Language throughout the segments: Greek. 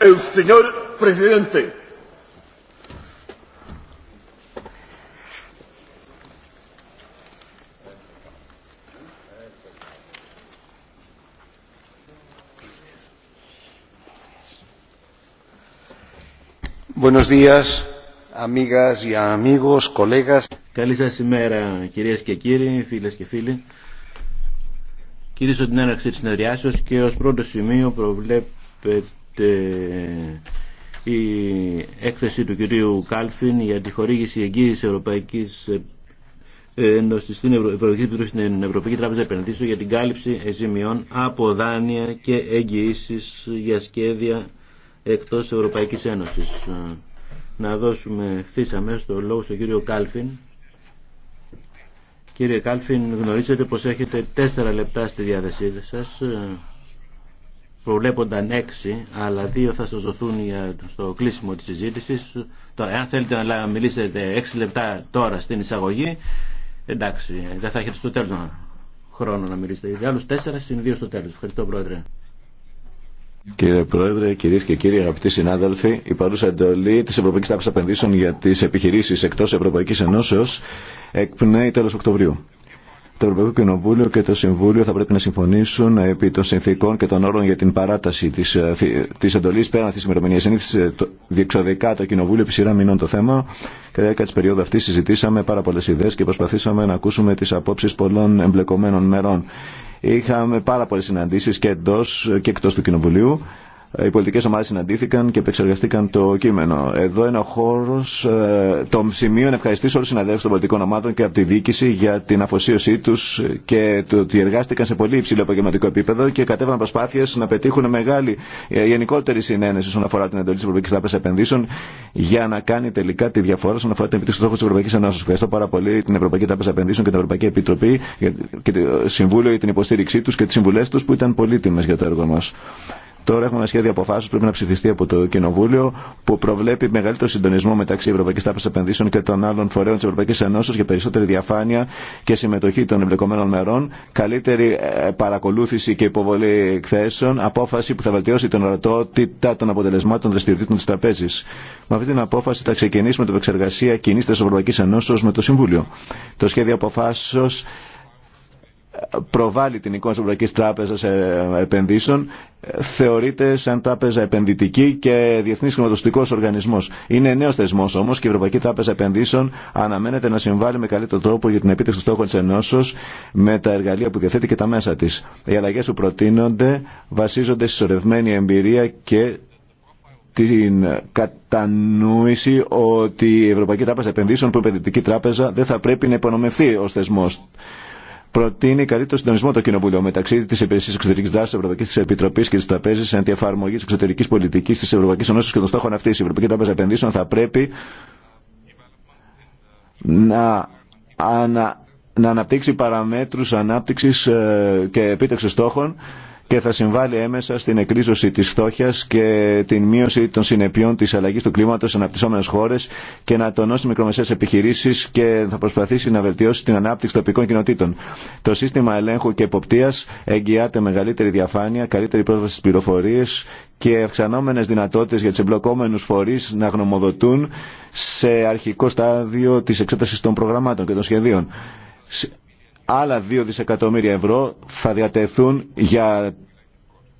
El señor presidente. Buenos días, amigas y amigos, colegas. Καλή σας ημέρα κυρίες και κύριοι, φίλες και φίλοι. Κυρίσω την έναρξη της συνεδριάσεως και ως πρώτο σημείο προβλέπεται η έκθεση του κυρίου Κάλφιν για τη χορήγηση εγγύησης Ευρωπαϊκής Ένωσης στην Ευρωπαϊκή Επιτροπή στην Ευρωπαϊκή Τράπεζα Επενδύσεων για την κάλυψη ζημιών από δάνεια και εγγυήσεις για σχέδια εκτός Ευρωπαϊκής Ένωσης. Να δώσουμε χθες μέσα το λόγο στον κύριο Κάλφιν. Κύριε Κάλφιν, γνωρίζετε πως έχετε τέσσερα λεπτά στη διάθεσή σας προβλέπονταν έξι, αλλά δύο θα σα δοθούν στο κλείσιμο τη συζήτηση. Τώρα, εάν θέλετε να μιλήσετε έξι λεπτά τώρα στην εισαγωγή, εντάξει, δεν θα έχετε στο τέλο χρόνο να μιλήσετε. Για άλλου, τέσσερα συν δύο στο τέλο. Ευχαριστώ, Πρόεδρε. Κύριε Πρόεδρε, κυρίε και κύριοι, αγαπητοί συνάδελφοι, η παρούσα εντολή τη Ευρωπαϊκή Τάξη Απενδύσεων για τι επιχειρήσει εκτό Ευρωπαϊκή Ενώσεω εκπνέει τέλο Οκτωβρίου. Το Ευρωπαϊκό Κοινοβούλιο και το Συμβούλιο θα πρέπει να συμφωνήσουν επί των συνθήκων και των όρων για την παράταση τη της ε, εντολή πέραν αυτή τη ημερομηνία. Συνήθισε διεξοδικά το Κοινοβούλιο επί σειρά μηνών το θέμα. Κατά τη διάρκεια αυτή συζητήσαμε πάρα πολλέ ιδέε και προσπαθήσαμε να ακούσουμε τι απόψει πολλών εμπλεκομένων μερών. Είχαμε πάρα πολλέ συναντήσει και εντό και εκτό του Κοινοβουλίου ε, οι πολιτικές ομάδες συναντήθηκαν και επεξεργαστήκαν το κείμενο. Εδώ είναι ο χώρος, ε, το σημείο να ευχαριστήσω όλους τους συναδέλφους των πολιτικών ομάδων και από τη διοίκηση για την αφοσίωσή τους και το ότι εργάστηκαν σε πολύ υψηλό επαγγελματικό επίπεδο και κατέβαναν προσπάθειες να πετύχουν μεγάλη ε, γενικότερη συνένεση όσον αφορά την εντολή της Ευρωπαϊκής Τράπεζας Επενδύσεων για να κάνει τελικά τη διαφορά όσον αφορά την επιτυχία του στόχου της Ευρωπαϊκής Ενώσης. Ευχαριστώ πάρα πολύ την Ευρωπαϊκή Τράπεζα Επενδύσεων και την Ευρωπαϊκή Επιτροπή και το Συμβούλιο για την υποστήριξή τους και τις συμβουλές τους που ήταν πολύτιμες για το έργο μας. Τώρα έχουμε ένα σχέδιο αποφάσεω που πρέπει να ψηφιστεί από το Κοινοβούλιο που προβλέπει μεγαλύτερο συντονισμό μεταξύ Ευρωπαϊκή Τράπεζα Επενδύσεων και των άλλων φορέων τη Ευρωπαϊκή Ενώσεω για περισσότερη διαφάνεια και συμμετοχή των εμπλεκομένων μερών, καλύτερη ε, παρακολούθηση και υποβολή εκθέσεων, απόφαση που θα βελτιώσει την ορατότητα των αποτελεσμάτων δραστηριοτήτων τη Τραπέζη. Με αυτή την απόφαση θα ξεκινήσουμε την επεξεργασία κοινή τη Ευρωπαϊκή Ενώσεω με το Συμβούλιο. Το σχέδιο αποφάσεω προβάλλει την εικόνα της Ευρωπαϊκής Τράπεζας ε, Επενδύσεων θεωρείται σαν τράπεζα επενδυτική και διεθνής χρηματοστικός οργανισμός. Είναι νέος θεσμός όμως και η Ευρωπαϊκή Τράπεζα Επενδύσεων αναμένεται να συμβάλλει με καλύτερο τρόπο για την επίτευξη στόχων της ενώσεως με τα εργαλεία που διαθέτει και τα μέσα της. Οι αλλαγές που προτείνονται βασίζονται στη σωρευμένη εμπειρία και την κατανόηση ότι η Ευρωπαϊκή Τράπεζα Επενδύσεων, που επενδυτική τράπεζα, δεν θα πρέπει να υπονομευθεί ως θεσμός προτείνει καλύτερο συντονισμό το Κοινοβούλιο μεταξύ τη Υπηρεσία Εξωτερική Δράση τη Ευρωπαϊκή Επιτροπή και τη Τραπέζη αντί εφαρμογή τη εξωτερική πολιτική τη Ευρωπαϊκή Ενώση και των στόχων αυτή. Η Ευρωπαϊκή Τράπεζα Επενδύσεων θα πρέπει να, να αναπτύξει παραμέτρου ανάπτυξη ε, και επίτευξη στόχων και θα συμβάλλει έμεσα στην εκρίζωση της φτώχειας και την μείωση των συνεπειών της αλλαγής του κλίματος σε αναπτυσσόμενες χώρες και να τονώσει μικρομεσαίες επιχειρήσεις και θα προσπαθήσει να βελτιώσει την ανάπτυξη τοπικών κοινοτήτων. Το σύστημα ελέγχου και εποπτείας εγγυάται μεγαλύτερη διαφάνεια, καλύτερη πρόσβαση στις πληροφορίες και αυξανόμενες δυνατότητες για τις εμπλοκόμενους φορείς να γνωμοδοτούν σε αρχικό στάδιο τη εξέταση των προγραμμάτων και των σχεδίων άλλα 2 δισεκατομμύρια ευρώ θα διατεθούν για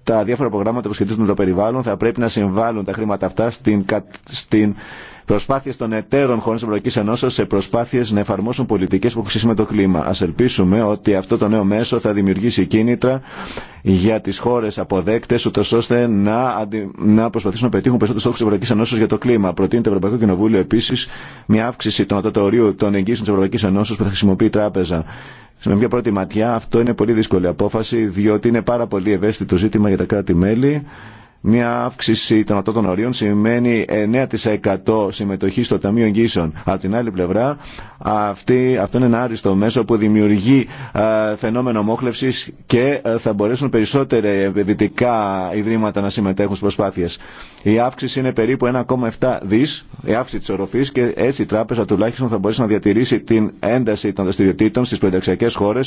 τα διάφορα προγράμματα που σχετίζονται με το περιβάλλον. Θα πρέπει να συμβάλλουν τα χρήματα αυτά στην, στην προσπάθεια των εταίρων χωρών τη Ευρωπαϊκή Ενώσεω σε προσπάθειε να εφαρμόσουν πολιτικέ που έχουν με το κλίμα. Α ελπίσουμε ότι αυτό το νέο μέσο θα δημιουργήσει κίνητρα για τι χώρε αποδέκτε, ούτω ώστε να, αντι... να προσπαθήσουν να πετύχουν περισσότερου στόχου τη Ευρωπαϊκή Ενώσεω για το κλίμα. Προτείνει το Ευρωπαϊκό Κοινοβούλιο επίση μια αύξηση των ατοτορίων των εγγύσεων τη Ευρωπαϊκή Ενώσεω που θα χρησιμοποιεί η Τράπεζα σε μια πρώτη ματιά αυτό είναι πολύ δύσκολη απόφαση διότι είναι πάρα πολύ ευαίσθητο ζήτημα για τα κράτη-μέλη μια αύξηση των ατότων ορίων σημαίνει 9% συμμετοχή στο Ταμείο Εγγύσεων. Από την άλλη πλευρά, αυτή, αυτό είναι ένα άριστο μέσο που δημιουργεί φαινόμενο μόχλευση και θα μπορέσουν περισσότερα επενδυτικά ιδρύματα να συμμετέχουν στις προσπάθειε. Η αύξηση είναι περίπου 1,7 δι, η αύξηση τη οροφή, και έτσι η τράπεζα τουλάχιστον θα μπορέσει να διατηρήσει την ένταση των δραστηριοτήτων στι προενταξιακές χώρε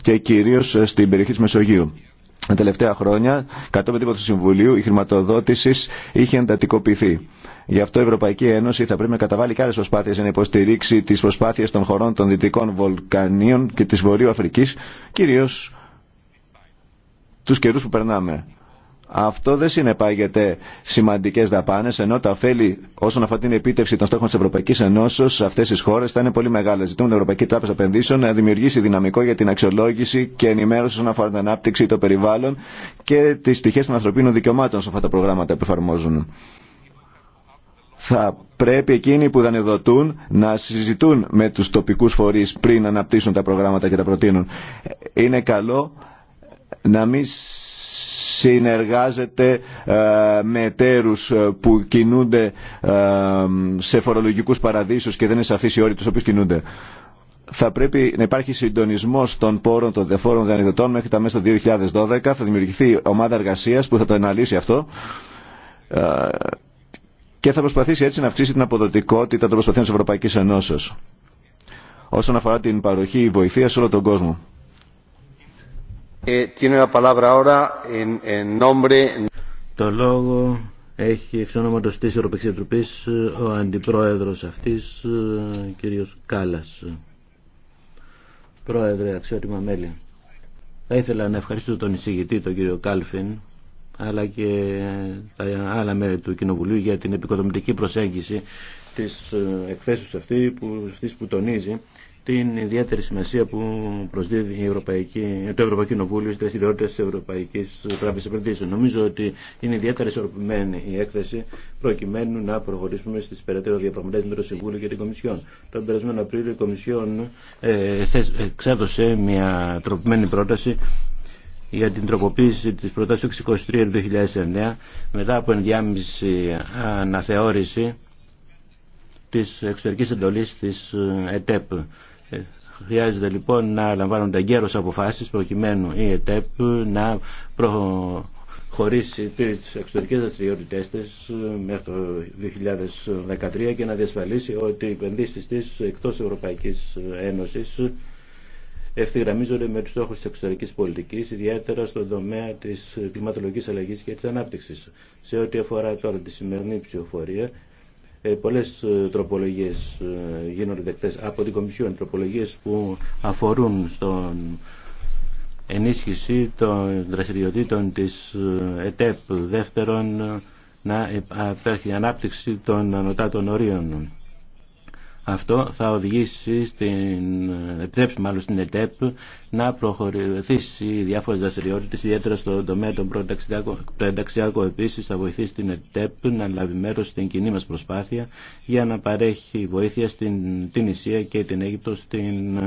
και κυρίω στην περιοχή τη Μεσογείου. Τα τελευταία χρόνια, κατόπιν τύπο του Συμβουλίου, η χρηματοδότηση είχε εντατικοποιηθεί. Γι' αυτό η Ευρωπαϊκή Ένωση θα πρέπει να καταβάλει και άλλε προσπάθειε για να υποστηρίξει τι προσπάθειε των χωρών των Δυτικών Βολκανίων και τη Βορείου Αφρική, κυρίω του καιρού που περνάμε. Αυτό δεν συνεπάγεται σημαντικέ δαπάνε, ενώ τα ωφέλη όσον αφορά την επίτευξη των στόχων τη Ευρωπαϊκή Ενώσεω σε αυτέ τι χώρε θα είναι πολύ μεγάλα. Ζητούμε την Ευρωπαϊκή Τράπεζα Επενδύσεων να δημιουργήσει δυναμικό για την αξιολόγηση και ενημέρωση όσον αφορά την ανάπτυξη, των περιβάλλων και τι πτυχέ των ανθρωπίνων δικαιωμάτων σε αυτά τα προγράμματα που εφαρμόζουν. Θα πρέπει εκείνοι που δανειοδοτούν να συζητούν με του τοπικού φορεί πριν αναπτύσσουν τα προγράμματα και τα προτείνουν. Είναι καλό να μην συνεργάζεται ε, με εταίρους ε, που κινούνται ε, σε φορολογικούς παραδείσους και δεν είναι σαφείς οι όροι τους οποίους κινούνται. Θα πρέπει να υπάρχει συντονισμό των πόρων των διαφόρων διανεκδοτών μέχρι τα μέσα του 2012. Θα δημιουργηθεί ομάδα εργασία που θα το αναλύσει αυτό και θα προσπαθήσει έτσι να αυξήσει την αποδοτικότητα των προσπαθειών τη Ευρωπαϊκής Ενώσεως. όσον αφορά την παροχή βοηθεία σε όλο τον κόσμο. Ε, Το λόγο έχει εξ ονόματος της Ευρωπαϊκής Επιτροπής ε, ο αντιπρόεδρος αυτής, ε, κύριος Κάλλας. Πρόεδρε, αξιότιμα μέλη. Θα ήθελα να ευχαριστήσω τον εισηγητή, τον κύριο Κάλφιν, αλλά και τα άλλα μέρη του Κοινοβουλίου για την επικοδομητική προσέγγιση της εκθέσεως αυτή που, αυτής που τονίζει την ιδιαίτερη σημασία που προσδίδει η Ευρωπαϊκή, το Ευρωπαϊκό Κοινοβούλιο στι δραστηριότητε τη Ευρωπαϊκή Τράπεζα Επενδύσεων. Νομίζω ότι είναι ιδιαίτερα ισορροπημένη η έκθεση προκειμένου να προχωρήσουμε στι περαιτέρω διαπραγματεύσει με το Συμβούλιο και την Κομισιόν. Τον περασμένο Απρίλιο η Κομισιόν εξέδωσε ε, μια τροπημένη πρόταση για την τροποποίηση της πρότασης 23 2009 μετά από ενδιάμεση αναθεώρηση της εξωτερικής εντολής της ε, ΕΤΕΠ. Χρειάζεται λοιπόν να λαμβάνονται αγκαίρως αποφάσεις προκειμένου η ΕΤΕΠ να προχωρήσει τις εξωτερικές δραστηριότητε της μέχρι το 2013 και να διασφαλίσει ότι οι επενδύσεις της εκτός Ευρωπαϊκής Ένωσης ευθυγραμμίζονται με τους στόχους της εξωτερικής πολιτικής, ιδιαίτερα στον τομέα της κλιματολογικής αλλαγής και της ανάπτυξης. Σε ό,τι αφορά τώρα τη σημερινή ψηφοφορία, ε, πολλές ε, τροπολογίες ε, γίνονται δεκτές από την Κομισιόν, τροπολογίες που αφορούν στον ενίσχυση των δραστηριοτήτων της ΕΤΕΠ δεύτερον να υπάρχει ανάπτυξη των ανωτάτων ορίων αυτό θα οδηγήσει στην, επιτρέψει μάλλον στην ΕΤΕΠ να προχωρηθήσει διάφορε δραστηριότητε ιδιαίτερα στον τομέα των προενταξιακών. Επίσης θα βοηθήσει την ΕΤΕΠ να λάβει μέρο στην κοινή μα προσπάθεια για να παρέχει βοήθεια στην την Ισία και την Αίγυπτο στην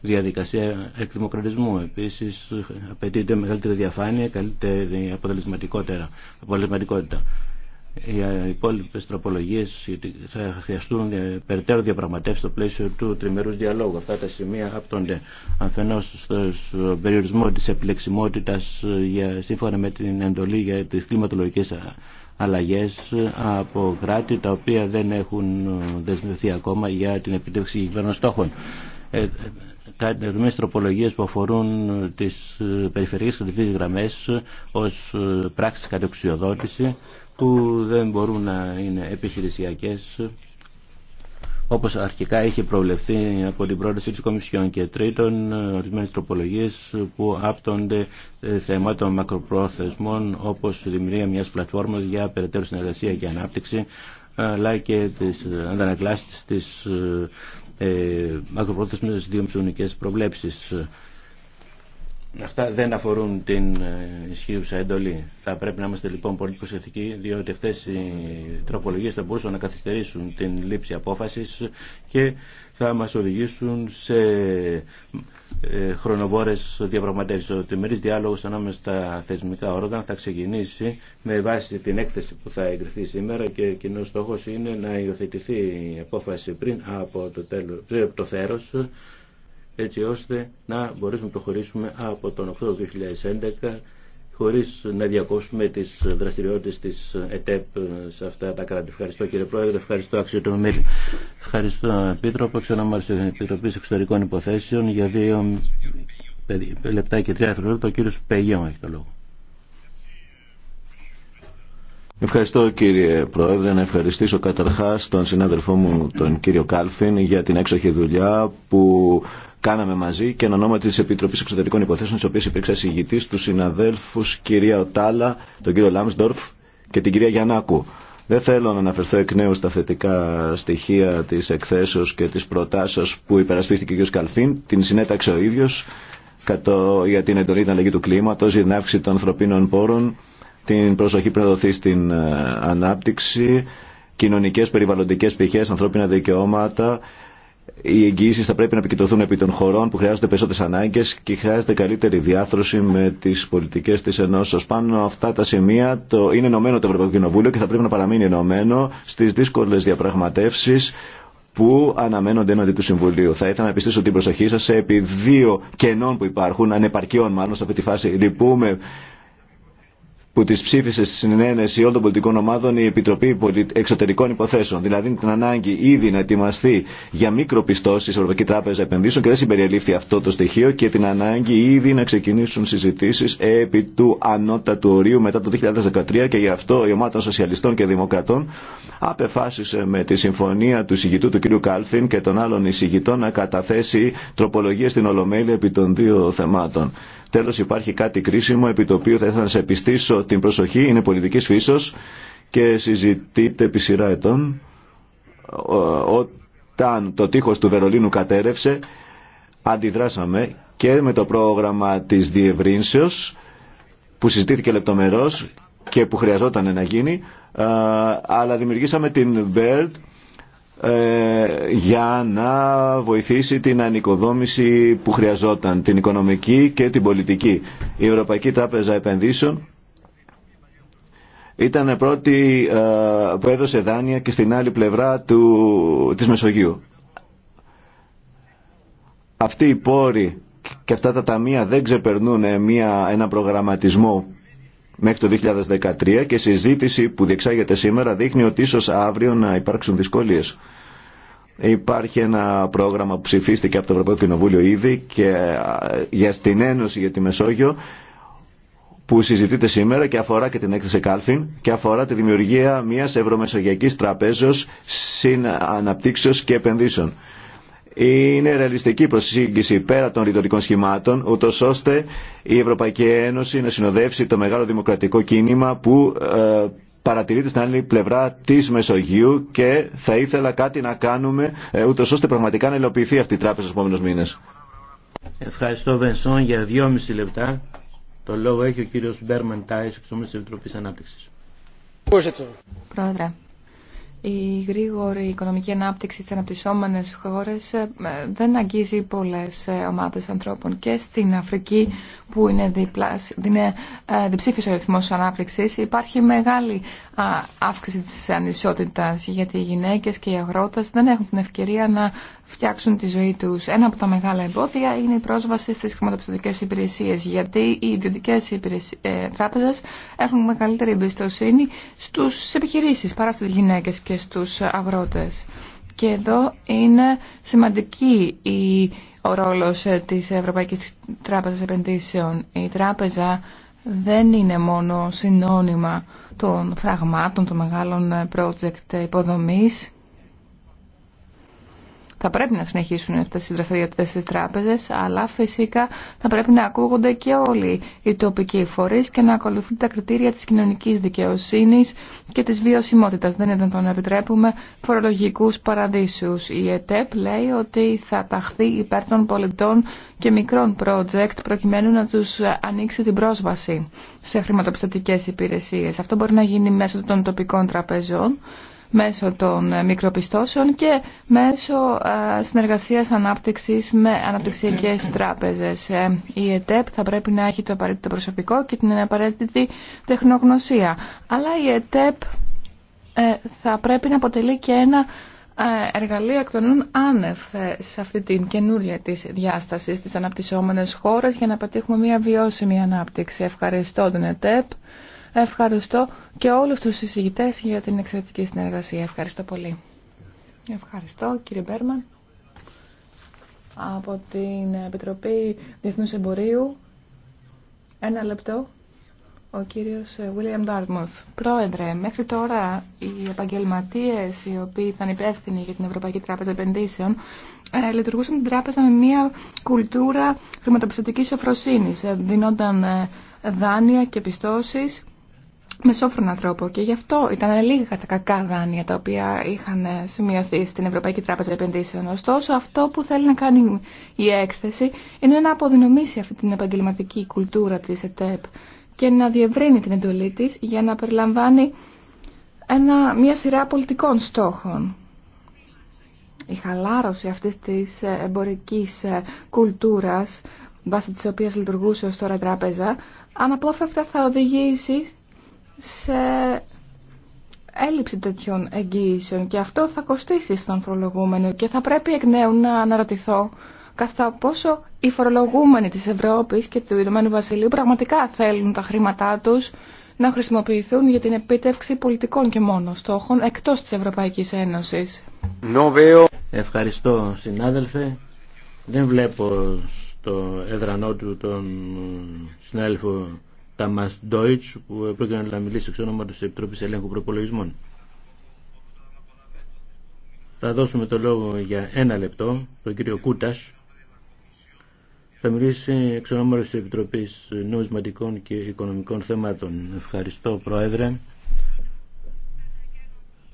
διαδικασία εκδημοκρατισμού. Επίση, απαιτείται μεγαλύτερη διαφάνεια, καλύτερη αποτελεσματικότητα. Οι υπόλοιπε τροπολογίε θα χρειαστούν περαιτέρω διαπραγματεύσει στο πλαίσιο του τριμερού διαλόγου. Αυτά τα σημεία άπτονται αφενό στον περιορισμό τη επιλεξιμότητα σύμφωνα με την εντολή για τι κλιματολογικέ αλλαγές από κράτη τα οποία δεν έχουν δεσμευθεί ακόμα για την επιτεύξη κυβέρνων στόχων. Ε, τα τροπολογίε που αφορούν τι περιφερειακέ κρατικέ γραμμέ ω πράξη κατεξιοδότηση που δεν μπορούν να είναι επιχειρησιακές όπως αρχικά είχε προβλεφθεί από την πρόταση της Κομισιόν και τρίτον ορισμένες τροπολογίες που άπτονται ε, θεμάτων μακροπρόθεσμων όπως η δημιουργία μιας πλατφόρμας για περαιτέρω συνεργασία και ανάπτυξη αλλά και τις αντανακλάσεις της ε, ε μακροπρόθεσμες δύο προβλέψεις Αυτά δεν αφορούν την ε, ισχύουσα εντολή. Θα πρέπει να είμαστε λοιπόν πολύ προσεκτικοί, διότι αυτέ οι τροπολογίε θα μπορούσαν να καθυστερήσουν την λήψη απόφαση και θα μα οδηγήσουν σε ε, χρονοβόρε διαπραγματεύσει. Ο τριμερή διάλογο ανάμεσα στα θεσμικά όργανα θα ξεκινήσει με βάση την έκθεση που θα εγκριθεί σήμερα και κοινό στόχο είναι να υιοθετηθεί η απόφαση πριν από το, τέλος, το έτσι ώστε να μπορέσουμε να χωρίσουμε από τον Οκτώβριο 2011 χωρίς να διακόψουμε τις δραστηριότητες της ΕΤΕΠ σε αυτά τα κράτη. Ευχαριστώ κύριε Πρόεδρε, ευχαριστώ αξιότιμο μέλη. Ευχαριστώ Επίτροπο, μάλιστα την Επιτροπή Εξωτερικών Υποθέσεων για δύο ε, λεπτά και τρία δευτερόλεπτα ο κύριο Πεγιό έχει το λόγο. Ευχαριστώ κύριε Πρόεδρε. Να ευχαριστήσω καταρχάς τον συνάδελφό μου τον κύριο Κάλφιν για την έξοχη δουλειά που κάναμε μαζί και εν ονόματι τη Επιτροπή Εξωτερικών Υποθέσεων, της οποίας υπήρξα συγγητής του συναδέλφους κυρία Οτάλα, τον κύριο Λάμσντορφ και την κυρία Γιαννάκου. Δεν θέλω να αναφερθώ εκ νέου στα θετικά στοιχεία τη εκθέσεω και τη προτάσεω που υπερασπίστηκε ο κ. Καλφίν. Την συνέταξε ο ίδιο για την εντολή αλλαγή του κλίματο, την αύξηση των ανθρωπίνων πόρων την προσοχή πρέπει να δοθεί στην ε, ανάπτυξη, κοινωνικές, περιβαλλοντικές πτυχές, ανθρώπινα δικαιώματα. Οι εγγύησει θα πρέπει να επικοινωθούν επί των χωρών που χρειάζονται περισσότερε ανάγκε και χρειάζεται καλύτερη διάθρωση με τι πολιτικέ τη ενώσεω. Πάνω αυτά τα σημεία το είναι ενωμένο το Ευρωπαϊκό Κοινοβούλιο και θα πρέπει να παραμείνει ενωμένο στι δύσκολε διαπραγματεύσει που αναμένονται έναντι του Συμβουλίου. Θα ήθελα να επιστήσω την προσοχή σα επί δύο κενών που υπάρχουν, ανεπαρκείων μάλλον σε αυτή τη φάση. Λυπούμε που τις ψήφισε στη συνένεση όλων των πολιτικών ομάδων η Επιτροπή Εξωτερικών Υποθέσεων. Δηλαδή την ανάγκη ήδη να ετοιμαστεί για μικροπιστώσει η Ευρωπαϊκή Τράπεζα Επενδύσεων και δεν συμπεριελήφθη αυτό το στοιχείο και την ανάγκη ήδη να ξεκινήσουν συζητήσει επί του ανώτατου ορίου μετά το 2013 και γι' αυτό η ομάδα των Σοσιαλιστών και Δημοκρατών απεφάσισε με τη συμφωνία του συγητού του κ. Κάλφιν και των άλλων εισηγητών να καταθέσει τροπολογίε στην Ολομέλεια επί των δύο θεμάτων. Τέλος υπάρχει κάτι κρίσιμο επί το οποίο θα ήθελα να σε επιστήσω την προσοχή, είναι πολιτικής φύσεω και συζητείται επί σειρά ετών όταν το τείχο του Βερολίνου κατέρευσε αντιδράσαμε και με το πρόγραμμα της διευρύνσεως που συζητήθηκε λεπτομερώς και που χρειαζόταν να γίνει αλλά δημιουργήσαμε την BERD ε, για να βοηθήσει την ανοικοδόμηση που χρειαζόταν, την οικονομική και την πολιτική. Η Ευρωπαϊκή Τράπεζα Επενδύσεων ήταν πρώτη ε, που έδωσε δάνεια και στην άλλη πλευρά του, της Μεσογείου. αυτή οι πόροι και αυτά τα ταμεία δεν ξεπερνούν ε, μια, ένα προγραμματισμό μέχρι το 2013 και η συζήτηση που διεξάγεται σήμερα δείχνει ότι ίσως αύριο να υπάρξουν δυσκολίες. Υπάρχει ένα πρόγραμμα που ψηφίστηκε από το Ευρωπαϊκό Κοινοβούλιο ήδη και για την Ένωση για τη Μεσόγειο που συζητείται σήμερα και αφορά και την έκθεση Κάλφιν και αφορά τη δημιουργία μιας ευρωμεσογειακής τραπέζος συν και επενδύσεων είναι ρεαλιστική προσεγγίση πέρα των ρητορικών σχημάτων, ούτω ώστε η Ευρωπαϊκή Ένωση να συνοδεύσει το μεγάλο δημοκρατικό κίνημα που ε, παρατηρείται στην άλλη πλευρά τη Μεσογείου και θα ήθελα κάτι να κάνουμε ε, ούτω ώστε πραγματικά να υλοποιηθεί αυτή η τράπεζα στου επόμενου μήνες. Ευχαριστώ, Βενσόν, για δυόμιση λεπτά. Το λόγο έχει ο κύριο Μπέρμαν Τάι, Επιτροπή Ανάπτυξη. Πρόεδρε, η γρήγορη οικονομική ανάπτυξη στις αναπτυσσόμενες χώρες ε, δεν αγγίζει πολλές ε, ομάδες ανθρώπων και στην Αφρική που είναι, διπλάς, είναι ε, διψήφιος ο ανάπτυξης υπάρχει μεγάλη αύξηση τη ανισότητα, γιατί οι γυναίκες και οι αγρότες δεν έχουν την ευκαιρία να φτιάξουν τη ζωή τους. Ένα από τα μεγάλα εμπόδια είναι η πρόσβαση στις χρηματοπιστωτικές υπηρεσίες γιατί οι ιδιωτικέ ε, τράπεζες έχουν μεγαλύτερη εμπιστοσύνη στους επιχειρήσεις παρά στις γυναίκες και στους αγρότες. Και εδώ είναι σημαντική η ο ρόλος ε, της Ευρωπαϊκής Τράπεζας Επενδύσεων. Η τράπεζα δεν είναι μόνο συνώνυμα των φραγμάτων, των μεγάλων project υποδομής θα πρέπει να συνεχίσουν αυτέ οι δραστηριότητε στι τράπεζε, αλλά φυσικά θα πρέπει να ακούγονται και όλοι οι τοπικοί φορεί και να ακολουθούν τα κριτήρια τη κοινωνική δικαιοσύνη και τη βιωσιμότητα. Δεν ήταν το να επιτρέπουμε φορολογικού παραδείσους. Η ΕΤΕΠ λέει ότι θα ταχθεί υπέρ των πολιτών και μικρών project προκειμένου να του ανοίξει την πρόσβαση σε χρηματοπιστωτικέ υπηρεσίε. Αυτό μπορεί να γίνει μέσω των τοπικών τραπεζών μέσω των ε, μικροπιστώσεων και μέσω ε, συνεργασίας ανάπτυξης με αναπτυξιακές τράπεζες. Ε, η ΕΤΕΠ θα πρέπει να έχει το απαραίτητο προσωπικό και την απαραίτητη τεχνογνωσία. Αλλά η ΕΤΕΠ θα πρέπει να αποτελεί και ένα εργαλείο εκ των άνευ σε αυτή την καινούρια της διάσταση στις αναπτυσσόμενες χώρες για να πετύχουμε μια βιώσιμη ανάπτυξη. Ευχαριστώ την ΕΤΕΠ. Ευχαριστώ και όλους τους συζητητές για την εξαιρετική συνεργασία. Ευχαριστώ πολύ. Ευχαριστώ κύριε Μπέρμαν. Από την Επιτροπή Διεθνούς Εμπορίου, ένα λεπτό, ο κύριος William Dartmouth. Πρόεδρε, μέχρι τώρα οι επαγγελματίες οι οποίοι ήταν υπεύθυνοι για την Ευρωπαϊκή Τράπεζα Επενδύσεων ε, λειτουργούσαν την τράπεζα με μια κουλτούρα χρηματοπιστωτικής ευφροσύνης. Ε, δινόταν ε, δάνεια και πιστώσεις μεσόφρονα τρόπο και γι' αυτό ήταν λίγα τα κακά δάνεια τα οποία είχαν σημειωθεί στην Ευρωπαϊκή Τράπεζα Επενδύσεων. Ωστόσο αυτό που θέλει να κάνει η έκθεση είναι να αποδυνομήσει αυτή την επαγγελματική κουλτούρα της ΕΤΕΠ και να διευρύνει την εντολή της για να περιλαμβάνει ένα, μια σειρά πολιτικών στόχων. Η χαλάρωση αυτής της ε, εμπορικής ε, κουλτούρας βάσει της οποίας λειτουργούσε ως τώρα η τράπεζα, αναπόφευκτα θα οδηγήσει σε έλλειψη τέτοιων εγγύησεων και αυτό θα κοστίσει στον φορολογούμενο και θα πρέπει εκ νέου να αναρωτηθώ καθώς πόσο οι φορολογούμενοι της Ευρώπης και του Ηνωμένου Βασιλείου πραγματικά θέλουν τα χρήματά τους να χρησιμοποιηθούν για την επίτευξη πολιτικών και μόνο στόχων εκτός της Ευρωπαϊκής Ένωσης. Ευχαριστώ συνάδελφε. Δεν βλέπω στο έδρανό του τον συνάδελφο Τάμα Ντόιτς που πρόκειται να μιλήσει εξ όνομα τη Επιτροπή Ελέγχου Προπολογισμών. Θα δώσουμε το λόγο για ένα λεπτό τον κύριο Κούτας θα μιλήσει εξ όνομα τη Επιτροπή Νομισματικών και Οικονομικών Θεμάτων. Ευχαριστώ Πρόεδρε.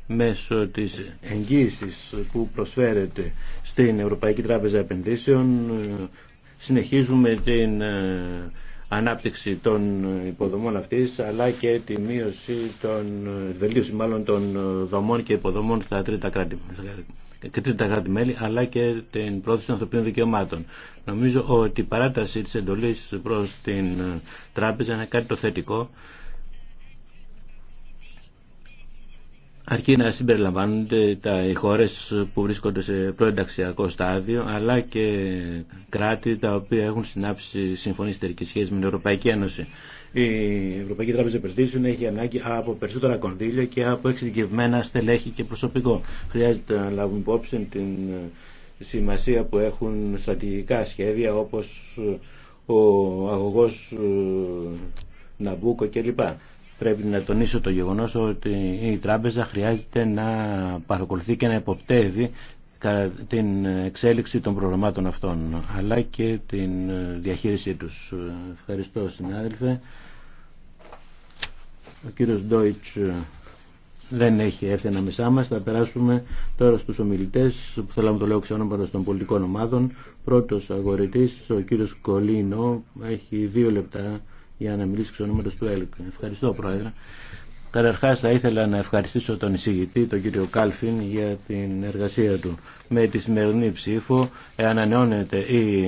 Μέσω της εγγύησης που προσφέρεται στην Ευρωπαϊκή Τράπεζα Επενδύσεων συνεχίζουμε την ε, ανάπτυξη των υποδομών αυτής αλλά και τη μείωση των βελτίωση μάλλον των δομών και υποδομών στα τρίτα κράτη τρίτα κράτη-μέλη αλλά και την πρόθεση των ανθρωπίνων δικαιωμάτων. Νομίζω ότι η παράταση της εντολής προς την τράπεζα είναι κάτι το θετικό αρκεί να συμπεριλαμβάνονται τα, οι χώρες που βρίσκονται σε προενταξιακό στάδιο αλλά και κράτη τα οποία έχουν συνάψει συμφωνίες εταιρικής σχέσης με την Ευρωπαϊκή Ένωση. Η Ευρωπαϊκή Τράπεζα Επενδύσεων έχει ανάγκη από περισσότερα κονδύλια και από εξειδικευμένα στελέχη και προσωπικό. Χρειάζεται να λάβουμε υπόψη την σημασία που έχουν στρατηγικά σχέδια όπως ο αγωγός ε, Ναμπούκο κλπ πρέπει να τονίσω το γεγονός ότι η τράπεζα χρειάζεται να παρακολουθεί και να υποπτεύει την εξέλιξη των προγραμμάτων αυτών αλλά και την διαχείρισή τους. Ευχαριστώ συνάδελφε. Ο κύριος Ντόιτς δεν έχει έρθει ανάμεσά μας. Θα περάσουμε τώρα στους ομιλητές που θέλαμε το λέω ξανά των πολιτικών ομάδων. Πρώτος αγορητής, ο κύριος Κολίνο, έχει δύο λεπτά για να μιλήσει στο του ΕΛΚ. Ευχαριστώ Πρόεδρε. Καταρχάς θα ήθελα να ευχαριστήσω τον εισηγητή, τον κύριο Κάλφιν, για την εργασία του. Με τη σημερινή ψήφο ανανεώνεται η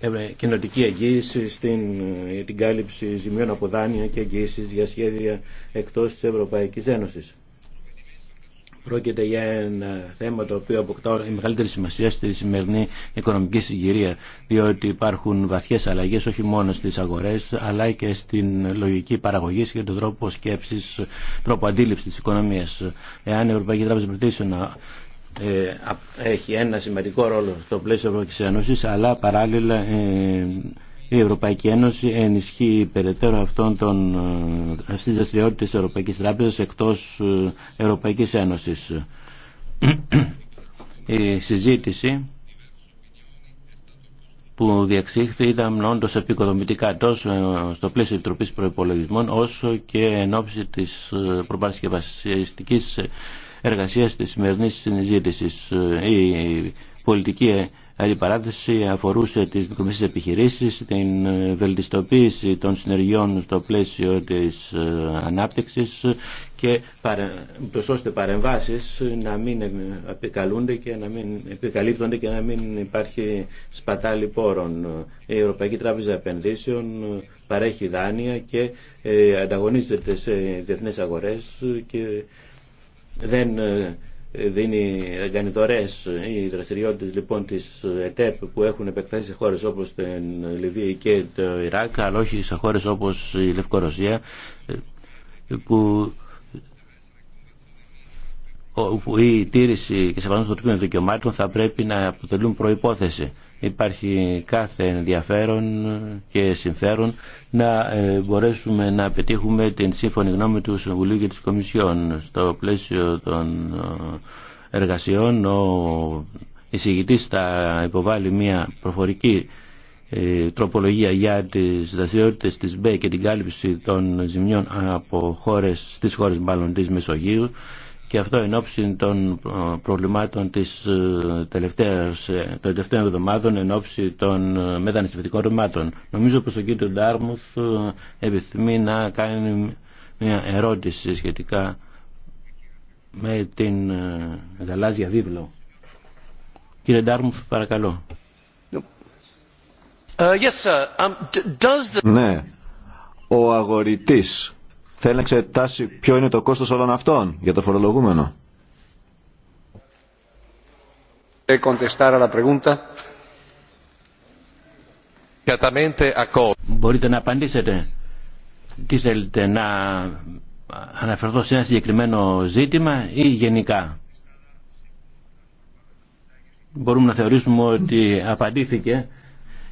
ε, ε, κοινοτική εγγύηση στην ε, την κάλυψη ζημιών από δάνεια και εγγύηση για σχέδια εκτός της Ευρωπαϊκής Ένωση. Πρόκειται για ένα θέμα το οποίο αποκτά η μεγαλύτερη σημασία στη σημερινή οικονομική συγκυρία, διότι υπάρχουν βαθιές αλλαγέ όχι μόνο στι αγορέ, αλλά και στην λογική παραγωγή και τον τρόπο σκέψης, τρόπο αντίληψη τη οικονομία. Εάν η Ευρωπαϊκή Τράπεζα ε, έχει ένα σημαντικό ρόλο στο πλαίσιο Ευρωπαϊκή Ένωση, αλλά παράλληλα ε, η Ευρωπαϊκή Ένωση ενισχύει περαιτέρω αυτών των ε, αυτής δραστηριότητας της Ευρωπαϊκής Τράπεζας εκτός ε, Ευρωπαϊκής Ένωσης. Η συζήτηση που διεξήχθη ήταν όντω επικοδομητικά τόσο ε, στο πλαίσιο της Τροπής Προπολογισμών όσο και εν ώψη τη προπαρασκευαστικής εργασίας της σημερινή συζήτηση. Η πολιτική άλλη παράθεση αφορούσε τις μικρομεσαίες επιχειρήσεις, την ε, βελτιστοποίηση των συνεργειών στο πλαίσιο της ε, ανάπτυξης και ώστε παρεμβάσεις να μην ε, επικαλούνται και να μην επικαλύπτονται και να μην υπάρχει σπατάλη πόρων. Η Ευρωπαϊκή Τράπεζα Επενδύσεων παρέχει δάνεια και ανταγωνίζεται σε διεθνές αγορές και δεν ε, δίνει, κάνει δωρές οι δραστηριότητε λοιπόν της ΕΤΕΠ που έχουν επεκταθεί σε χώρες όπως την Λιβύη και το Ιράκ αλλά όχι σε χώρες όπως η Λευκορωσία ε, που όπου η τήρηση και σεβασμός των τοπικών δικαιωμάτων θα πρέπει να αποτελούν προϋπόθεση. Υπάρχει κάθε ενδιαφέρον και συμφέρον να ε, μπορέσουμε να πετύχουμε την σύμφωνη γνώμη του Συμβουλίου και της Κομισιόν. Στο πλαίσιο των ε, εργασιών ο εισηγητής θα υποβάλει μια προφορική ε, τροπολογία για τις δραστηριότητε της ΜΠΕ και την κάλυψη των ζημιών από χώρες, στις χώρες μάλλον της Μεσογείου και αυτό εν ώψη των ε, προβλημάτων της ε, τελευταίας, ε, των τελευταίων εβδομάδων εν ώψη των μεταναστευτικών ρημάτων. Νομίζω πως ο κύριο Ντάρμουθ επιθυμεί να κάνει μια ερώτηση σχετικά με την γαλάζια βίβλο. Κύριε Ντάρμουθ, παρακαλώ. yes, sir. Um, does the... Ναι, ο αγορητής θέλει να εξετάσει ποιο είναι το κόστος όλων αυτών για το φορολογούμενο. Ε, Μπορείτε να απαντήσετε. Τι θέλετε να αναφερθώ σε ένα συγκεκριμένο ζήτημα ή γενικά. Μπορούμε να θεωρήσουμε ότι απαντήθηκε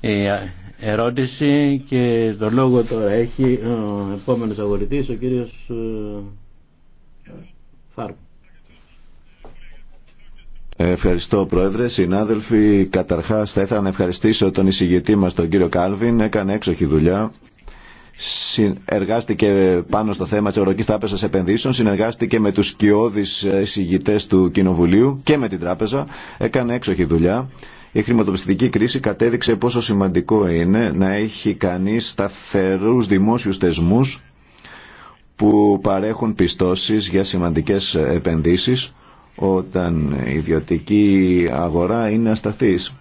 ε, ερώτηση και το λόγο τώρα έχει ο επόμενος αγορητής, ο κύριος ε, Φάρμ. Ευχαριστώ Πρόεδρε, συνάδελφοι. Καταρχάς θα ήθελα να ευχαριστήσω τον εισηγητή μας τον κύριο Κάλβιν. Έκανε έξοχη δουλειά. Εργάστηκε πάνω στο θέμα της Ευρωπαϊκής Τράπεζας Επενδύσεων, συνεργάστηκε με τους κοιόδη εισηγητές του Κοινοβουλίου και με την Τράπεζα. Έκανε έξοχη δουλειά. Η χρηματοπιστική κρίση κατέδειξε πόσο σημαντικό είναι να έχει κανείς σταθερούς δημόσιους θεσμούς που παρέχουν πιστώσεις για σημαντικές επενδύσεις όταν η ιδιωτική αγορά είναι ασταθής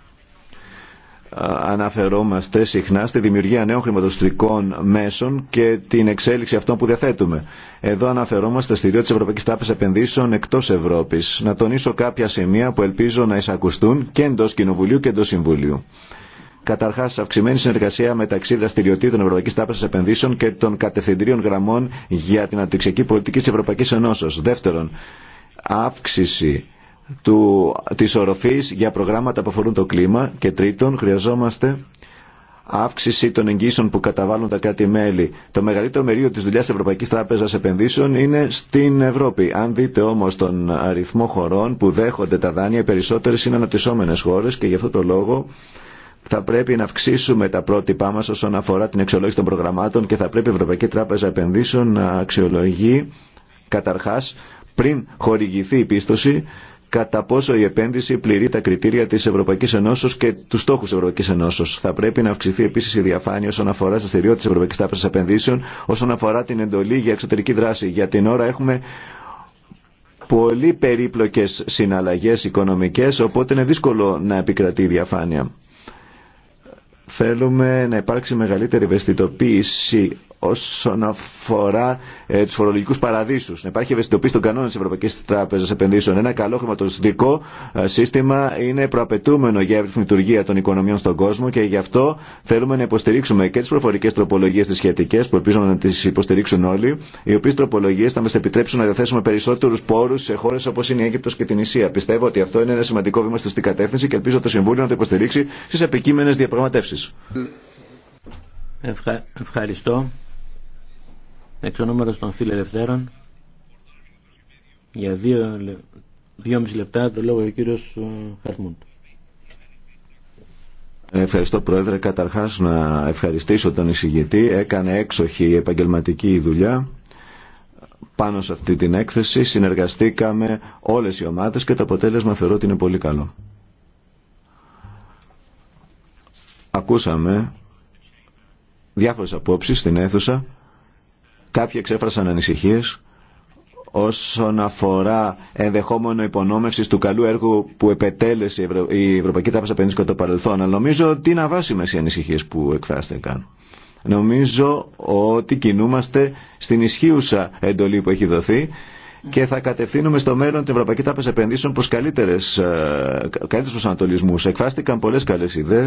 αναφερόμαστε συχνά στη δημιουργία νέων χρηματοστηρικών μέσων και την εξέλιξη αυτών που διαθέτουμε. Εδώ αναφερόμαστε στη ρίο της Ευρωπαϊκή Τάπεζας Επενδύσεων εκτός Ευρώπης. Να τονίσω κάποια σημεία που ελπίζω να εισακουστούν και εντός Κοινοβουλίου και εντός Συμβουλίου. Καταρχά, αυξημένη συνεργασία μεταξύ δραστηριοτήτων Ευρωπαϊκή Τράπεζα Επενδύσεων και των κατευθυντήριων γραμμών για την αναπτυξιακή πολιτική τη Ευρωπαϊκή Ενώσεω. Δεύτερον, αύξηση του, της οροφής για προγράμματα που αφορούν το κλίμα και τρίτον χρειαζόμαστε αύξηση των εγγύσεων που καταβάλουν τα κράτη-μέλη. Το μεγαλύτερο μερίο της δουλειάς της Ευρωπαϊκής Τράπεζας Επενδύσεων είναι στην Ευρώπη. Αν δείτε όμως τον αριθμό χωρών που δέχονται τα δάνεια, οι περισσότερες είναι αναπτυσσόμενες χώρες και γι' αυτό το λόγο θα πρέπει να αυξήσουμε τα πρότυπά μας όσον αφορά την αξιολόγηση των προγραμμάτων και θα πρέπει η Ευρωπαϊκή Τράπεζα Επενδύσεων να αξιολογεί καταρχάς πριν χορηγηθεί η πίστοση κατά πόσο η επένδυση πληρεί τα κριτήρια της Ευρωπαϊκής Ενώσεως και τους στόχους της Ευρωπαϊκής Ενώσεως. Θα πρέπει να αυξηθεί επίσης η διαφάνεια όσον αφορά στη θηριότητα της Ευρωπαϊκής Τράπεζας Επενδύσεων, όσον αφορά την εντολή για εξωτερική δράση. Για την ώρα έχουμε πολύ περίπλοκες συναλλαγές οικονομικές, οπότε είναι δύσκολο να επικρατεί η διαφάνεια. Θέλουμε να υπάρξει μεγαλύτερη ευαισθητοποίηση όσον αφορά ε, του φορολογικού παραδείσου. Να υπάρχει ευαισθητοποίηση των κανόνων τη Ευρωπαϊκή Τράπεζα Επενδύσεων. Ένα καλό χρηματοδοτικό ε, σύστημα είναι προαπαιτούμενο για εύρυθμη λειτουργία των οικονομιών στον κόσμο και γι' αυτό θέλουμε να υποστηρίξουμε και τι προφορικέ τροπολογίε τι σχετικέ που ελπίζουμε να τι υποστηρίξουν όλοι, οι οποίε τροπολογίε θα μα επιτρέψουν να διαθέσουμε περισσότερου πόρου σε χώρε όπω είναι η Αίγυπτο και την Ισία. Πιστεύω ότι αυτό είναι ένα σημαντικό βήμα στη κατεύθυνση και ελπίζω το Συμβούλιο να το υποστηρίξει στι επικείμενε διαπραγματεύσει. Ευχα... Ευχαριστώ. Εξ των φιλελευθέρων για δύο, δύο μισή λεπτά το λόγο ο κύριος ε, Χαρτμούντ. Ευχαριστώ Πρόεδρε. Καταρχάς να ευχαριστήσω τον εισηγητή. Έκανε έξοχη επαγγελματική δουλειά πάνω σε αυτή την έκθεση. Συνεργαστήκαμε όλες οι ομάδες και το αποτέλεσμα θεωρώ ότι είναι πολύ καλό. Ακούσαμε διάφορες απόψεις στην αίθουσα. Κάποιοι εξέφρασαν ανησυχίες όσον αφορά ενδεχόμενο υπονόμευση του καλού έργου που επετέλεσε η, Ευρωπαϊκή Τράπεζα Επενδύσεων κατά το παρελθόν. Αλλά νομίζω ότι είναι αβάσιμε οι ανησυχίε που εκφράστηκαν. Νομίζω ότι κινούμαστε στην ισχύουσα εντολή που έχει δοθεί και θα κατευθύνουμε στο μέλλον την Ευρωπαϊκή Τράπεζα Επενδύσεων προ ε, καλύτερου προσανατολισμού. Εκφράστηκαν πολλέ καλέ ιδέε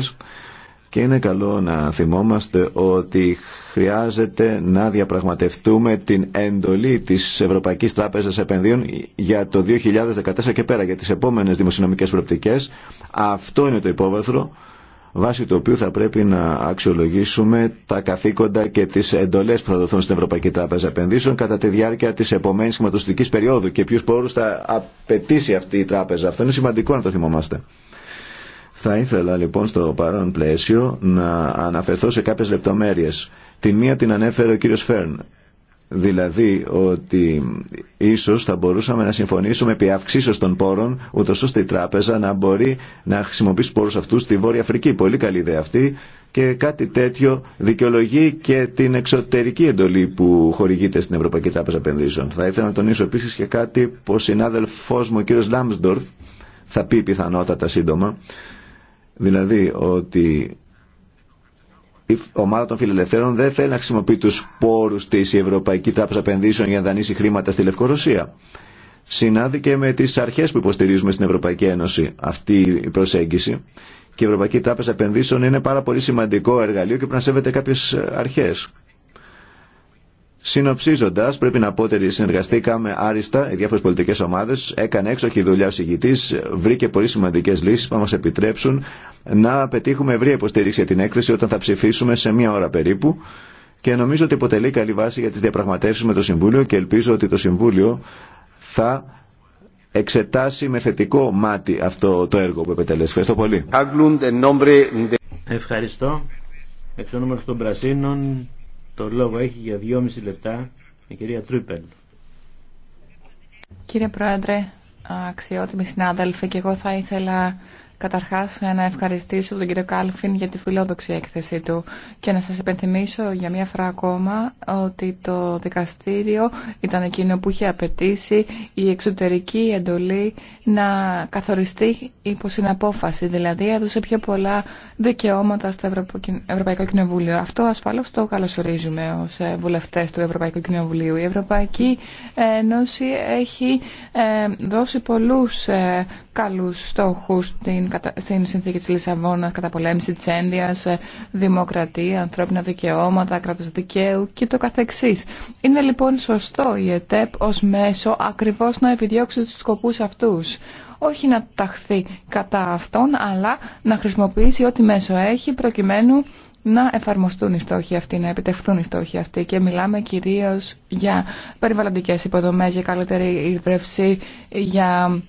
και είναι καλό να θυμόμαστε ότι χρειάζεται να διαπραγματευτούμε την εντολή της Ευρωπαϊκής Τράπεζας Επενδύων για το 2014 και πέρα, για τις επόμενες δημοσιονομικές προοπτικές. Αυτό είναι το υπόβαθρο βάσει του οποίου θα πρέπει να αξιολογήσουμε τα καθήκοντα και τις εντολές που θα δοθούν στην Ευρωπαϊκή Τράπεζα Επενδύσεων κατά τη διάρκεια της επομένης χρηματοστικής περίοδου και ποιους πόρους θα απαιτήσει αυτή η τράπεζα. Αυτό είναι σημαντικό να το θυμόμαστε. Θα ήθελα λοιπόν στο παρόν πλαίσιο να αναφερθώ σε κάποιες λεπτομέρειες Τη μία την ανέφερε ο κύριο Φέρν. Δηλαδή ότι ίσω θα μπορούσαμε να συμφωνήσουμε επί αυξήσεως των πόρων, ούτω ώστε η τράπεζα να μπορεί να χρησιμοποιήσει πόρου αυτού στη Βόρεια Αφρική. Πολύ καλή ιδέα αυτή και κάτι τέτοιο δικαιολογεί και την εξωτερική εντολή που χορηγείται στην Ευρωπαϊκή Τράπεζα Επενδύσεων. Θα ήθελα να τονίσω επίση και κάτι που ο συνάδελφο μου, ο κύριο Λάμσντορφ, θα πει πιθανότατα σύντομα, δηλαδή ότι η ομάδα των φιλελευθέρων δεν θέλει να χρησιμοποιεί τους πόρους της η Ευρωπαϊκή Τράπεζα Επενδύσεων για να δανείσει χρήματα στη Λευκορωσία. Συνάδει και με τις αρχές που υποστηρίζουμε στην Ευρωπαϊκή Ένωση αυτή η προσέγγιση και η Ευρωπαϊκή Τράπεζα Επενδύσεων είναι πάρα πολύ σημαντικό εργαλείο και πρέπει να σέβεται κάποιες αρχές. Συνοψίζοντα, πρέπει να πω ότι συνεργαστήκαμε άριστα οι διάφορε πολιτικέ ομάδε, έκανε έξοχη δουλειά ο συγητή, βρήκε πολύ σημαντικέ λύσει που θα μα επιτρέψουν να πετύχουμε ευρία υποστήριξη για την έκθεση όταν θα ψηφίσουμε σε μία ώρα περίπου. Και νομίζω ότι αποτελεί καλή βάση για τι διαπραγματεύσει με το Συμβούλιο και ελπίζω ότι το Συμβούλιο θα εξετάσει με θετικό μάτι αυτό το έργο που επετελέσει. Ευχαριστώ πολύ. Ευχαριστώ. Εξ των Πρασίνων, το λόγο έχει για δυόμιση λεπτά η κυρία Τρουπέλ. Κύριε Πρόεδρε, αξιότιμοι συνάδελφοι, και εγώ θα ήθελα Καταρχάς να ευχαριστήσω τον κύριο Κάλφιν για τη φιλόδοξη έκθεσή του και να σας επενθυμίσω για μία φορά ακόμα ότι το δικαστήριο ήταν εκείνο που είχε απαιτήσει η εξωτερική εντολή να καθοριστεί υπό συναπόφαση, δηλαδή έδωσε πιο πολλά δικαιώματα στο Ευρωπαϊκό Κοινοβούλιο. Αυτό ασφαλώς το καλωσορίζουμε ως ε, βουλευτές του Ευρωπαϊκού Κοινοβουλίου. Η Ευρωπαϊκή Ένωση έχει ε, δώσει πολλούς ε, καλούς στόχους στην στην συνθήκη της Λισαβόνα, καταπολέμηση της ένδυας, ε, δημοκρατία, ανθρώπινα δικαιώματα, κράτος δικαίου και το καθεξής. Είναι λοιπόν σωστό η ΕΤΕΠ ως μέσο ακριβώς να επιδιώξει τους σκοπούς αυτούς. Όχι να ταχθεί κατά αυτόν, αλλά να χρησιμοποιήσει ό,τι μέσο έχει προκειμένου να εφαρμοστούν οι στόχοι αυτοί, να επιτευχθούν οι στόχοι αυτοί και μιλάμε κυρίως για περιβαλλοντικές υποδομές, για καλύτερη υπρευσή, για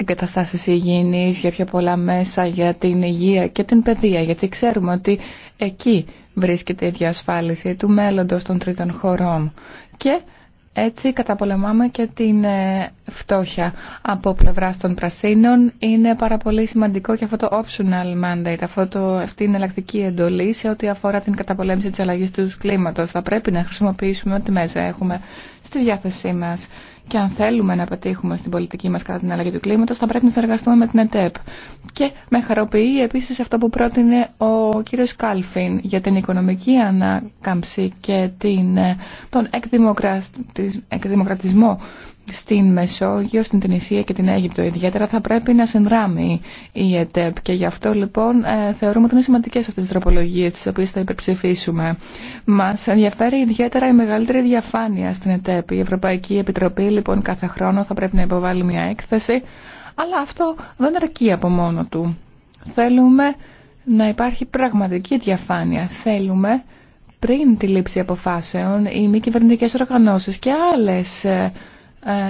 εγκαταστάσεις υγιεινής, για πιο πολλά μέσα, για την υγεία και την παιδεία, γιατί ξέρουμε ότι εκεί βρίσκεται η διασφάλιση του μέλλοντος των τρίτων χωρών. Και έτσι καταπολεμάμε και την ε, φτώχεια από πλευράς των πρασίνων. Είναι πάρα πολύ σημαντικό και αυτό το optional mandate, αυτό το, αυτή η εναλλακτική εντολή σε ό,τι αφορά την καταπολέμηση της αλλαγής του κλίματος. Θα πρέπει να χρησιμοποιήσουμε ό,τι μέσα έχουμε στη διάθεσή μας και αν θέλουμε να πετύχουμε στην πολιτική μας κατά την αλλαγή του κλίματος, θα πρέπει να συνεργαστούμε με την ΕΤΕΠ. Και με χαροποιεί επίσης αυτό που πρότεινε ο κύριος Κάλφιν για την οικονομική ανακάμψη και την, ε, τον εκδημοκρατισμό στην Μεσόγειο, στην Τινησία και την Αίγυπτο ιδιαίτερα θα πρέπει να συνδράμει η ΕΤΕΠ και γι' αυτό λοιπόν ε, θεωρούμε ότι είναι σημαντικές αυτές τις τροπολογίες τις οποίες θα υπερψηφίσουμε. Μας ενδιαφέρει ιδιαίτερα η μεγαλύτερη διαφάνεια στην ΕΤΕΠ. Η Ευρωπαϊκή Επιτροπή λοιπόν κάθε χρόνο θα πρέπει να υποβάλει μια έκθεση αλλά αυτό δεν αρκεί από μόνο του. Θέλουμε να υπάρχει πραγματική διαφάνεια. Θέλουμε πριν τη λήψη αποφάσεων οι μη κυβερνητικέ οργανώσεις και άλλες ε,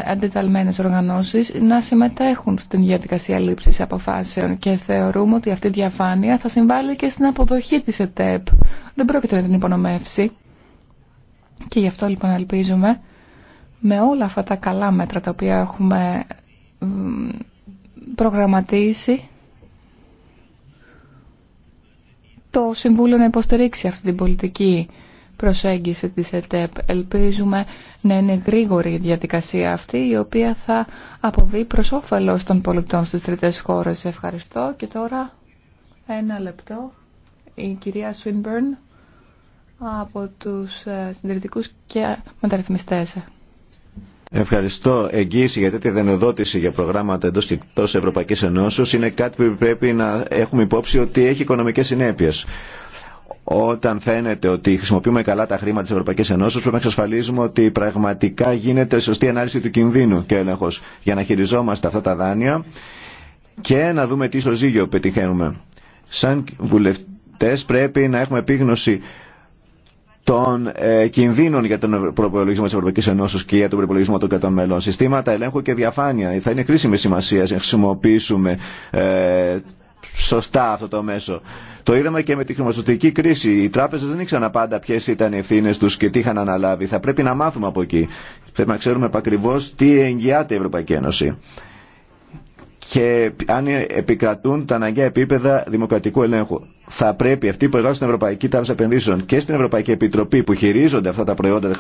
αντιταλμένες ε, οργανώσεις να συμμετέχουν στην διαδικασία λήψης αποφάσεων και θεωρούμε ότι αυτή η διαφάνεια θα συμβάλλει και στην αποδοχή της ΕΤΕΠ. Δεν πρόκειται να την υπονομεύσει και γι' αυτό λοιπόν ελπίζουμε με όλα αυτά τα καλά μέτρα τα οποία έχουμε προγραμματίσει το Συμβούλιο να υποστηρίξει αυτή την πολιτική προσέγγιση της ΕΤΕΠ. Ελπίζουμε να είναι γρήγορη η διαδικασία αυτή, η οποία θα αποβεί προς όφελος των πολιτών στις τρίτες χώρες. Ευχαριστώ και τώρα ένα λεπτό. Η κυρία Σουίνμπερν από τους ε, συντηρητικούς και μεταρρυθμιστές. Ευχαριστώ. Εγγύηση για τέτοια δενοδότηση για προγράμματα εντό και εκτό Ευρωπαϊκή Ενώσεω είναι κάτι που πρέπει να έχουμε υπόψη ότι έχει οικονομικέ συνέπειε. Όταν φαίνεται ότι χρησιμοποιούμε καλά τα χρήματα τη Ευρωπαϊκή Ενώσεω, πρέπει να εξασφαλίζουμε ότι πραγματικά γίνεται σωστή ανάλυση του κινδύνου και έλεγχο για να χειριζόμαστε αυτά τα δάνεια και να δούμε τι στο ζύγιο πετυχαίνουμε. Σαν βουλευτέ πρέπει να έχουμε επίγνωση των ε, κινδύνων για τον προπολογισμό τη Ευρωπαϊκή Ενώσεω και για τον προπολογισμό των κρατών μελών. Συστήματα ελέγχου και διαφάνεια θα είναι κρίσιμη σημασία να χρησιμοποιήσουμε ε, σωστά αυτό το μέσο. Το είδαμε και με τη χρηματοδοτική κρίση. Οι τράπεζε δεν ήξεραν πάντα ποιε ήταν οι ευθύνε του και τι είχαν αναλάβει. Θα πρέπει να μάθουμε από εκεί. Πρέπει να ξέρουμε ακριβώ τι εγγυάται η Ευρωπαϊκή Ένωση και αν επικρατούν τα αναγκαία επίπεδα δημοκρατικού ελέγχου. Θα πρέπει αυτοί που εργάζονται στην Ευρωπαϊκή Τράπεζα Επενδύσεων και στην Ευρωπαϊκή Επιτροπή που χειρίζονται αυτά τα προϊόντα τα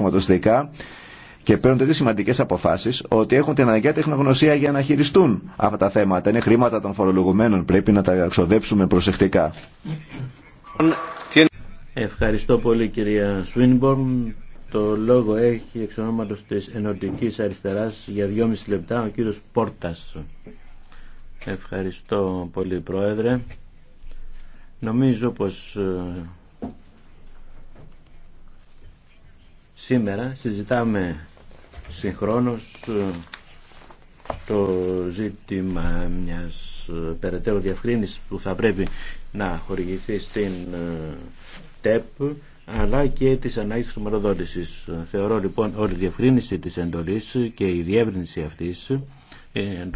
και παίρνουν τέτοιε σημαντικέ αποφάσει ότι έχουν την αναγκαία τεχνογνωσία για να χειριστούν αυτά τα θέματα. Είναι χρήματα των φορολογουμένων, πρέπει να τα ξοδέψουμε προσεκτικά. Ευχαριστώ πολύ κυρία Σουίνμπορν. Το λόγο έχει εξ ονόματος της Ενωτικής Αριστεράς για δυόμιση λεπτά ο κύριος Πόρτας. Ευχαριστώ πολύ Πρόεδρε. Νομίζω πως ε, σήμερα συζητάμε Συγχρόνως ε, το ζήτημα μιας ε, περαιτέρω διευκρίνησης που θα πρέπει να χορηγηθεί στην ε, ΤΕΠ αλλά και της ανάγκης χρηματοδότησης. Θεωρώ λοιπόν όλη η διευκρίνηση της εντολής και η διεύρυνση αυτής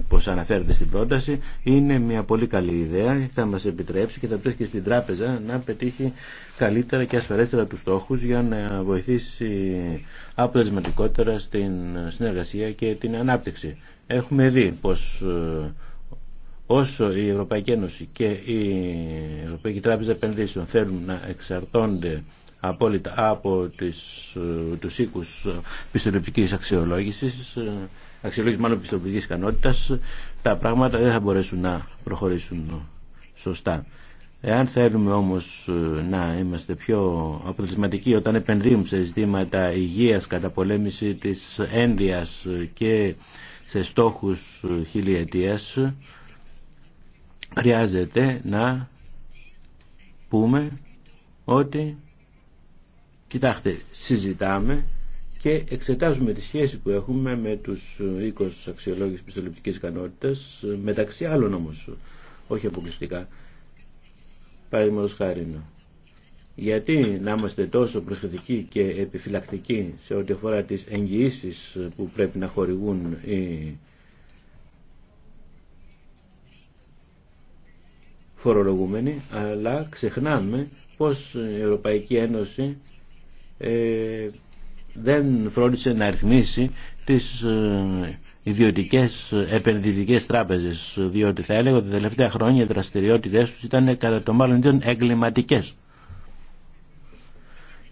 πως αναφέρεται στην πρόταση είναι μια πολύ καλή ιδέα θα μας επιτρέψει και θα πρέπει και στην τράπεζα να πετύχει καλύτερα και ασφαλέστερα τους στόχους για να βοηθήσει αποτελεσματικότερα στην συνεργασία και την ανάπτυξη. Έχουμε δει πως ε, όσο η Ευρωπαϊκή Ένωση και η Ευρωπαϊκή Τράπεζα Επενδύσεων θέλουν να εξαρτώνται απόλυτα από τις, ε, τους οίκους πιστοληπτικής αξιολόγησης ε, αξιολόγηση μάλλον πιστοποιητικής ικανότητα, τα πράγματα δεν θα μπορέσουν να προχωρήσουν σωστά. Εάν θέλουμε όμως ε, να είμαστε πιο αποτελεσματικοί όταν επενδύουμε σε ζητήματα υγείας, καταπολέμηση τη ένδυα και σε στόχους χιλιετίας, χρειάζεται να πούμε ότι, κοιτάξτε, συζητάμε και εξετάζουμε τη σχέση που έχουμε με τους 20 αξιολόγησης πιστοληπτικής ικανότητας, μεταξύ άλλων όμως, όχι αποκλειστικά, παραδείγματο χάρη. Γιατί να είμαστε τόσο προσεκτικοί και επιφυλακτικοί σε ό,τι αφορά τις εγγυήσει που πρέπει να χορηγούν οι φορολογούμενοι, αλλά ξεχνάμε πως η Ευρωπαϊκή Ένωση ε, δεν φρόντισε να ρυθμίσει τις ε, ιδιωτικές επενδυτικές τράπεζες διότι θα έλεγα ότι τα τελευταία χρόνια οι δραστηριότητες τους ήταν κατά το μάλλον ήταν εγκληματικές.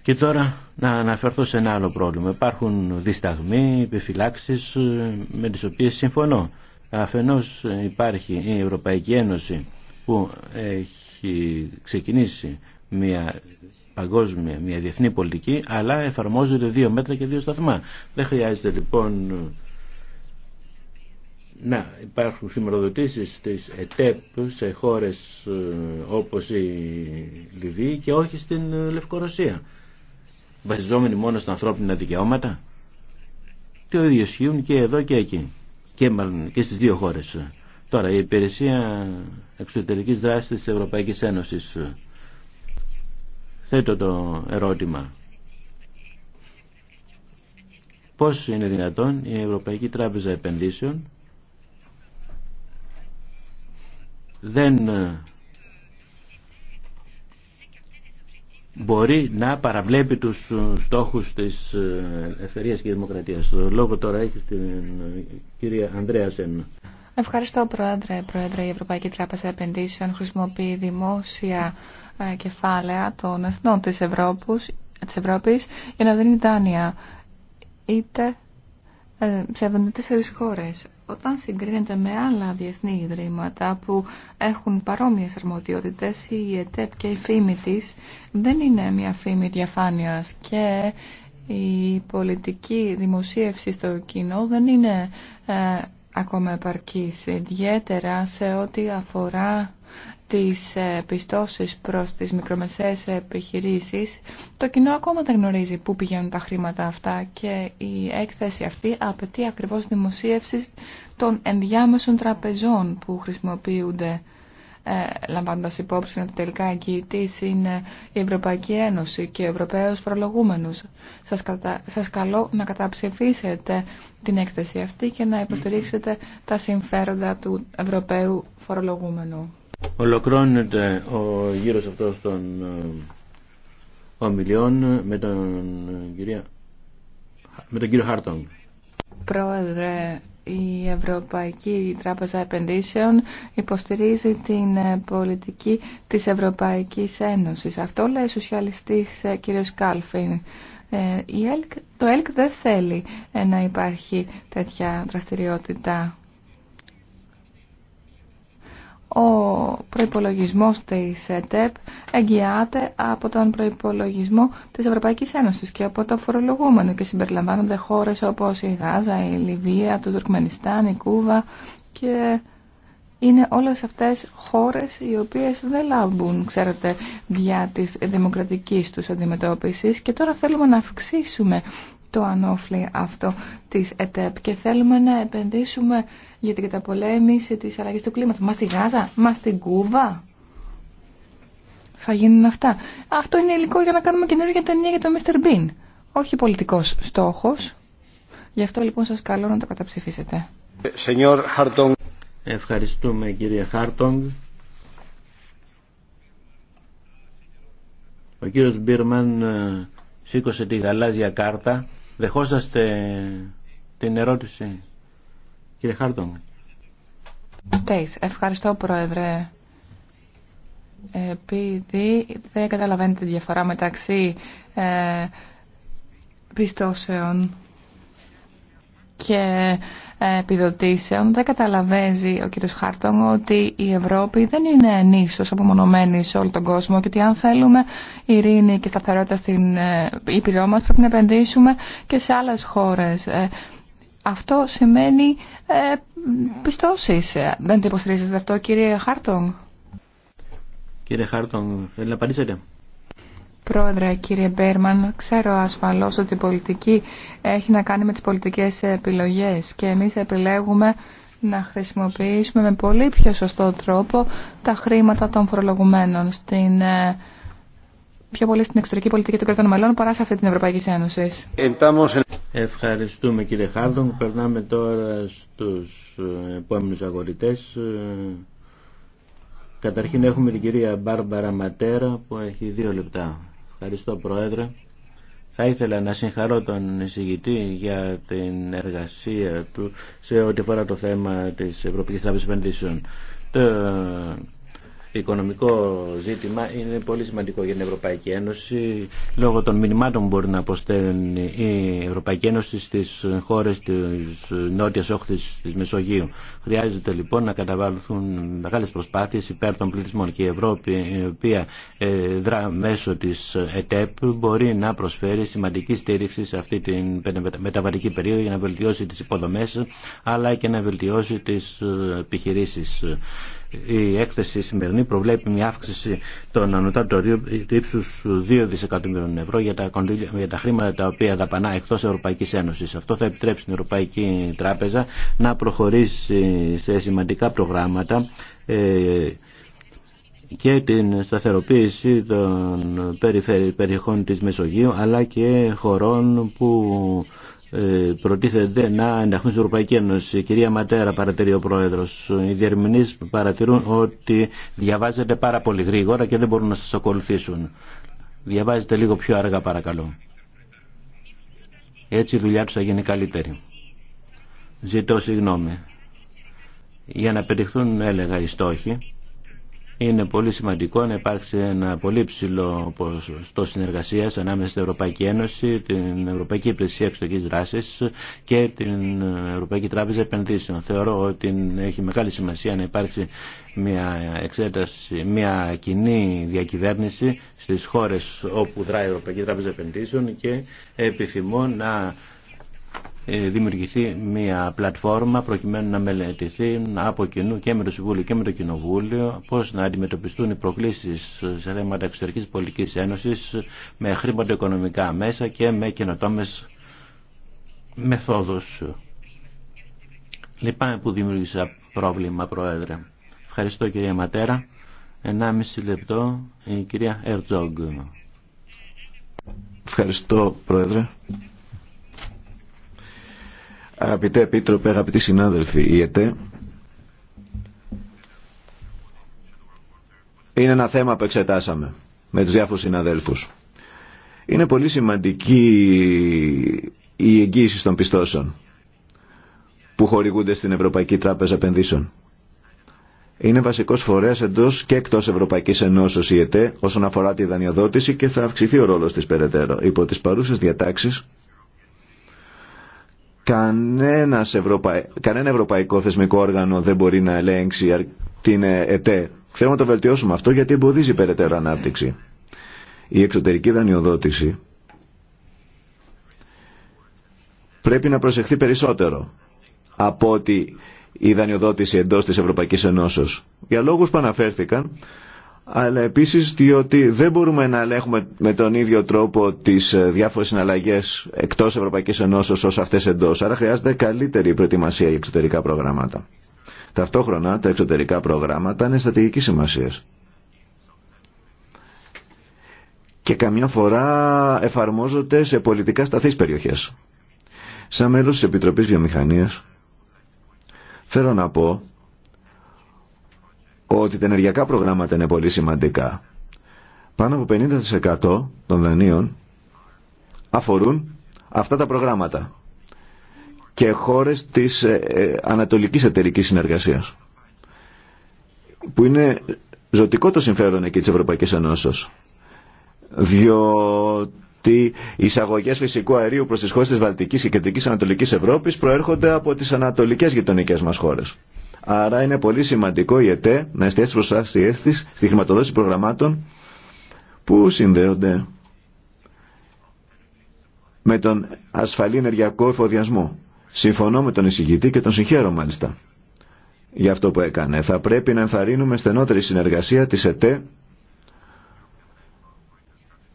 Και τώρα να αναφερθώ σε ένα άλλο πρόβλημα. Υπάρχουν δισταγμοί, επιφυλάξει ε, με τις οποίες συμφωνώ. Αφενός υπάρχει η Ευρωπαϊκή Ένωση που έχει ξεκινήσει μια παγκόσμια, μια διεθνή πολιτική, αλλά εφαρμόζονται δύο μέτρα και δύο σταθμά. Δεν χρειάζεται λοιπόν να υπάρχουν χρηματοδοτήσει τη ΕΤΕΠ σε χώρε ε, όπως η Λιβύη και όχι στην ε, Λευκορωσία. Βασιζόμενοι μόνο στα ανθρώπινα δικαιώματα. ο ίδιο ισχύουν και εδώ και εκεί. Και, και στις δύο χώρε. Τώρα, η υπηρεσία εξωτερικής δράσης της Ευρωπαϊκής Ένωσης ε, θέτω το ερώτημα. Πώς είναι δυνατόν η Ευρωπαϊκή Τράπεζα Επενδύσεων δεν ε, μπορεί να παραβλέπει τους ε, στόχους της ε, ελευθερίας και δημοκρατίας. Το λόγο τώρα έχει στην κυρία Σέν. Ευχαριστώ, Πρόεδρε. Πρόεδρε, η Ευρωπαϊκή Τράπεζα Επενδύσεων χρησιμοποιεί δημόσια ε, κεφάλαια των εθνών της, της Ευρώπης για να δίνει δάνεια είτε ε, σε 74 χώρες. Όταν συγκρίνεται με άλλα διεθνή ιδρύματα που έχουν παρόμοιες αρμοδιότητες, η ΕΤΕΠ και η φήμη της δεν είναι μια φήμη διαφάνειας και η πολιτική δημοσίευση στο κοινό δεν είναι ε, ακόμα επαρκής, ιδιαίτερα σε ό,τι αφορά τις ε, πιστώσεις προς τις μικρομεσαίες επιχειρήσεις, το κοινό ακόμα δεν γνωρίζει πού πηγαίνουν τα χρήματα αυτά και η έκθεση αυτή απαιτεί ακριβώς δημοσίευση των ενδιάμεσων τραπεζών που χρησιμοποιούνται ε, λαμβάνοντας υπόψη ότι τελικά εγγυητής είναι η Ευρωπαϊκή Ένωση και ο Ευρωπαίος φορολογούμενους. Σας, καλώ να καταψηφίσετε την έκθεση αυτή και να υποστηρίξετε τα συμφέροντα του Ευρωπαίου φορολογούμενου. Ολοκλώνεται ο γύρος αυτός των ε, ομιλιών με τον, ε, κυρία... με τον κύριο Χάρτον. Πρόεδρε, η Ευρωπαϊκή Τράπεζα Επενδύσεων υποστηρίζει την ε, πολιτική της Ευρωπαϊκής Ένωσης. Αυτό λέει ο σοσιαλιστής ε, κ. Κάλφιν. Ε, το ΕΛΚ δεν θέλει να υπάρχει τέτοια δραστηριότητα ο προϋπολογισμός της ΕΤΕΠ εγγυάται από τον προϋπολογισμό της Ευρωπαϊκής Ένωσης και από το φορολογούμενο και συμπεριλαμβάνονται χώρες όπως η Γάζα, η Λιβύα, το Τουρκμενιστάν, η Κούβα και είναι όλες αυτές χώρες οι οποίες δεν λάμπουν, ξέρετε, διά της δημοκρατικής τους αντιμετώπισης και τώρα θέλουμε να αυξήσουμε το ανώφλι αυτό της ΕΤΕΠ και θέλουμε να επενδύσουμε για την καταπολέμηση της αλλαγής του κλίματος. Μα στη Γάζα, μα στην Κούβα. Θα γίνουν αυτά. Αυτό είναι υλικό για να κάνουμε καινούργια ταινία για το Mr. Bean. Όχι πολιτικός στόχος. Γι' αυτό λοιπόν σας καλώ να το καταψηφίσετε. Ευχαριστούμε κύριε Χάρτονγκ. Ο κύριος Μπίρμαν ε, σήκωσε τη γαλάζια κάρτα Δεχόσαστε την ερώτηση, κύριε Χάρτον. Τέις, ευχαριστώ Πρόεδρε. Επειδή δεν καταλαβαίνετε τη διαφορά μεταξύ ε, πιστώσεων και ε, επιδοτήσεων δεν καταλαβαίνει ο κ. Χάρτον ότι η Ευρώπη δεν είναι ενίσως απομονωμένη σε όλο τον κόσμο και ότι αν θέλουμε ειρήνη και σταθερότητα στην ε, Ήπειρό μα πρέπει να επενδύσουμε και σε άλλες χώρες. Ε, αυτό σημαίνει ε, Δεν το υποστηρίζετε αυτό κύριε Χάρτον. Κύριε Χάρτον, θέλει να απαντήσετε. Πρόεδρε, κύριε Μπέρμαν, ξέρω ασφαλώς ότι η πολιτική έχει να κάνει με τις πολιτικές επιλογές και εμείς επιλέγουμε να χρησιμοποιήσουμε με πολύ πιο σωστό τρόπο τα χρήματα των φορολογουμένων στην, ε, πιο πολύ στην εξωτερική πολιτική των κρατών μελών παρά σε αυτή την Ευρωπαϊκή Ένωση. Ευχαριστούμε κύριε Χάρδον. Περνάμε τώρα στους ε, επόμενους αγορητές. Ε, καταρχήν έχουμε την κυρία Μπάρμπαρα Ματέρα που έχει δύο λεπτά. Ευχαριστώ Πρόεδρε. Θα ήθελα να συγχαρώ τον εισηγητή για την εργασία του σε ό,τι αφορά το θέμα της Ευρωπαϊκής Τράπεζας Επενδύσεων οικονομικό ζήτημα είναι πολύ σημαντικό για την Ευρωπαϊκή Ένωση λόγω των μηνυμάτων που μπορεί να αποστέλνει η Ευρωπαϊκή Ένωση στις χώρες της νότιας όχθης της Μεσογείου. Χρειάζεται λοιπόν να καταβάλουν μεγάλες προσπάθειες υπέρ των πληθυσμών και η Ευρώπη η οποία ε, δρά μέσω της ΕΤΕΠ μπορεί να προσφέρει σημαντική στήριξη σε αυτή την μεταβατική περίοδο για να βελτιώσει τις υποδομές αλλά και να βελτιώσει τις ε, επιχειρήσεις η έκθεση σημερινή προβλέπει μια αύξηση των ανωτάτων ύψου 2 δισεκατομμυρίων ευρώ για τα, για τα χρήματα τα οποία δαπανά εκτό Ευρωπαϊκή Ένωση. Αυτό θα επιτρέψει την Ευρωπαϊκή Τράπεζα να προχωρήσει σε σημαντικά προγράμματα ε, και την σταθεροποίηση των περιεχών της Μεσογείου αλλά και χωρών που ε, προτίθεται να ενταχθούν στην Ευρωπαϊκή Ένωση. κυρία Ματέρα παρατηρεί ο πρόεδρο. Οι διερμηνεί παρατηρούν ότι διαβάζετε πάρα πολύ γρήγορα και δεν μπορούν να σα ακολουθήσουν. Διαβάζετε λίγο πιο αργά, παρακαλώ. Έτσι η δουλειά του θα γίνει καλύτερη. Ζητώ συγγνώμη. Για να πετυχθούν, έλεγα, οι στόχοι είναι πολύ σημαντικό να υπάρξει ένα πολύ ψηλό ποσοστό συνεργασία ανάμεσα στην Ευρωπαϊκή Ένωση, την Ευρωπαϊκή Υπηρεσία Εξωτική Δράση και την Ευρωπαϊκή Τράπεζα Επενδύσεων. Θεωρώ ότι έχει μεγάλη σημασία να υπάρξει μια, εξέταση, μια κοινή διακυβέρνηση στις χώρες όπου δράει η Ευρωπαϊκή Τράπεζα Επενδύσεων και επιθυμώ να ε, δημιουργηθεί μια πλατφόρμα προκειμένου να μελετηθεί από κοινού και με το Συμβούλιο και με το Κοινοβούλιο πώς να αντιμετωπιστούν οι προκλήσεις σε θέματα εξωτερικής πολιτικής ένωσης με χρήματα οικονομικά μέσα και με καινοτόμες μεθόδους. Λυπάμαι που δημιούργησα πρόβλημα, Πρόεδρε. Ευχαριστώ, κυρία Ματέρα. Ενάμιση λεπτό, η κυρία Ερτζόγκ. Ευχαριστώ, Πρόεδρε. Αγαπητέ Επίτροπε, αγαπητοί συνάδελφοι, η ΕΤΕ είναι ένα θέμα που εξετάσαμε με τους διάφορους συναδέλφους. Είναι πολύ σημαντική η εγγύηση των πιστώσεων που χορηγούνται στην Ευρωπαϊκή Τράπεζα Επενδύσεων. Είναι βασικό φορέα εντό και εκτό Ευρωπαϊκή Ενώσεω η ΕΤΕ όσον αφορά τη δανειοδότηση και θα αυξηθεί ο ρόλο τη περαιτέρω. Υπό τι παρούσε διατάξει, κανένας κανένα ευρωπαϊκό θεσμικό όργανο δεν μπορεί να ελέγξει την ε, ΕΤΕ. Θέλουμε να το βελτιώσουμε αυτό γιατί εμποδίζει περαιτέρω ανάπτυξη. Η εξωτερική δανειοδότηση πρέπει να προσεχθεί περισσότερο από ότι η δανειοδότηση εντός της Ευρωπαϊκής Ενώσεως. Για λόγους που αναφέρθηκαν, αλλά επίσης διότι δεν μπορούμε να ελέγχουμε με τον ίδιο τρόπο τις ε, διάφορες συναλλαγές εκτός Ευρωπαϊκής Ενώσεως όσο αυτές εντός. Άρα χρειάζεται καλύτερη προετοιμασία για εξωτερικά προγράμματα. Ταυτόχρονα τα εξωτερικά προγράμματα είναι στρατηγική σημασία. Και καμιά φορά εφαρμόζονται σε πολιτικά σταθείς περιοχές. Σαν μέλος της Επιτροπής Βιομηχανίας θέλω να πω ότι τα ενεργειακά προγράμματα είναι πολύ σημαντικά. Πάνω από 50% των δανείων αφορούν αυτά τα προγράμματα και χώρες της ε, ε, ανατολικής εταιρικής συνεργασίας που είναι ζωτικό το συμφέρον εκεί της Ευρωπαϊκής Ενώσεως διότι οι εισαγωγές φυσικού αερίου προς τις χώρες της Βαλτικής και Κεντρικής Ανατολικής Ευρώπης προέρχονται από τις ανατολικές γειτονικές μας χώρες. Άρα είναι πολύ σημαντικό η ΕΤΕ να εστιάσει προστάσει τη στη χρηματοδότηση προγραμμάτων που συνδέονται με τον ασφαλή ενεργειακό εφοδιασμό. Συμφωνώ με τον εισηγητή και τον συγχαίρω μάλιστα για αυτό που έκανε. Θα πρέπει να ενθαρρύνουμε στενότερη συνεργασία της ΕΤΕ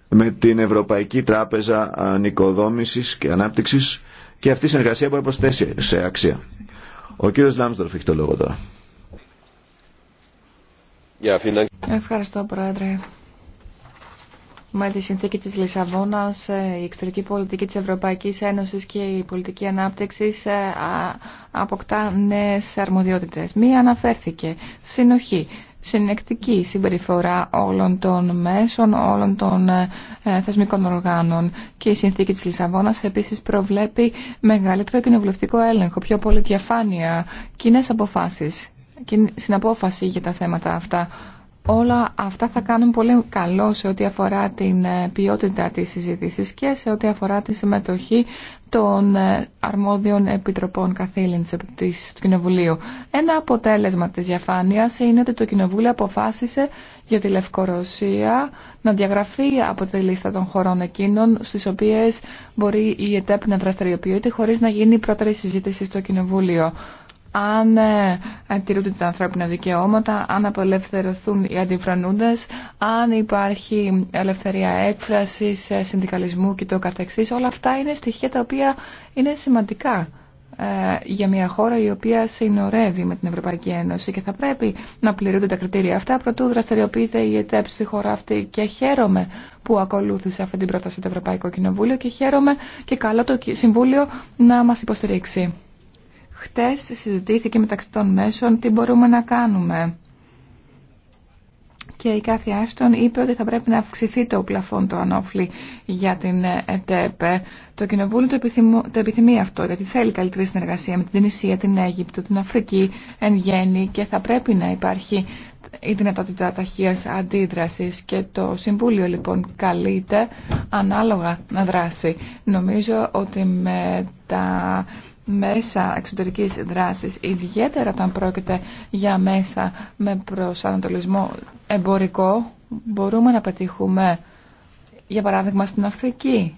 με την Ευρωπαϊκή Τράπεζα Ανοικοδόμησης και Ανάπτυξης και αυτή η συνεργασία μπορεί να προσθέσει σε αξία. Ο κύριο Λάμστορφ έχει το λόγο τώρα. Ευχαριστώ Πρόεδρε. Με τη συνθήκη της Λισαβόνας, ε, η εξωτερική πολιτική της Ευρωπαϊκής Ένωσης και η πολιτική ανάπτυξης ε, αποκτά νέε αρμοδιότητες. Μία αναφέρθηκε. Συνοχή συνεκτική συμπεριφορά όλων των μέσων, όλων των ε, θεσμικών οργάνων. Και η συνθήκη της Λισαβόνας επίσης προβλέπει μεγαλύτερο κοινοβουλευτικό έλεγχο, πιο πολύ διαφάνεια, κοινέ αποφάσεις, συναπόφαση για τα θέματα αυτά. Όλα αυτά θα κάνουν πολύ καλό σε ό,τι αφορά την ε, ποιότητα της συζήτησης και σε ό,τι αφορά τη συμμετοχή των ε, αρμόδιων επιτροπών καθήλυνση του Κοινοβουλίου. Ένα αποτέλεσμα της διαφάνειας είναι ότι το Κοινοβούλιο αποφάσισε για τη Λευκορωσία να διαγραφεί από τη λίστα των χωρών εκείνων στις οποίες μπορεί η ΕΤΕΠ να δραστηριοποιείται χωρίς να γίνει πρώτερη συζήτηση στο Κοινοβούλιο αν ε, τηρούνται τα ανθρώπινα δικαιώματα, αν απελευθερωθούν οι αντιφρανούντες, αν υπάρχει ελευθερία έκφρασης, ε, συνδικαλισμού και το καθεξής. Όλα αυτά είναι στοιχεία τα οποία είναι σημαντικά ε, για μια χώρα η οποία συνορεύει με την Ευρωπαϊκή Ένωση και θα πρέπει να πληρούνται τα κριτήρια αυτά προτού δραστηριοποιείται η ΕΤΕΠ στη χώρα αυτή και χαίρομαι που ακολούθησε αυτή την πρόταση το Ευρωπαϊκό Κοινοβούλιο και χαίρομαι και καλό το Συμβούλιο να μας υποστηρίξει. Χτες συζητήθηκε μεταξύ των μέσων τι μπορούμε να κάνουμε. Και η κάθε Άστον είπε ότι θα πρέπει να αυξηθεί το πλαφόν το ανώφλι για την ΕΤΕΠΕ. Το Κοινοβούλιο το, το επιθυμεί αυτό, γιατί θέλει καλύτερη συνεργασία με την Τινησία, την Αίγυπτο, την Αφρική εν γέννη και θα πρέπει να υπάρχει η δυνατότητα ταχείας αντίδρασης και το Συμβούλιο λοιπόν καλείται ανάλογα να δράσει. Νομίζω ότι με τα μέσα εξωτερικής δράσης, ιδιαίτερα όταν πρόκειται για μέσα με προσανατολισμό εμπορικό, μπορούμε να πετύχουμε, για παράδειγμα, στην Αφρική.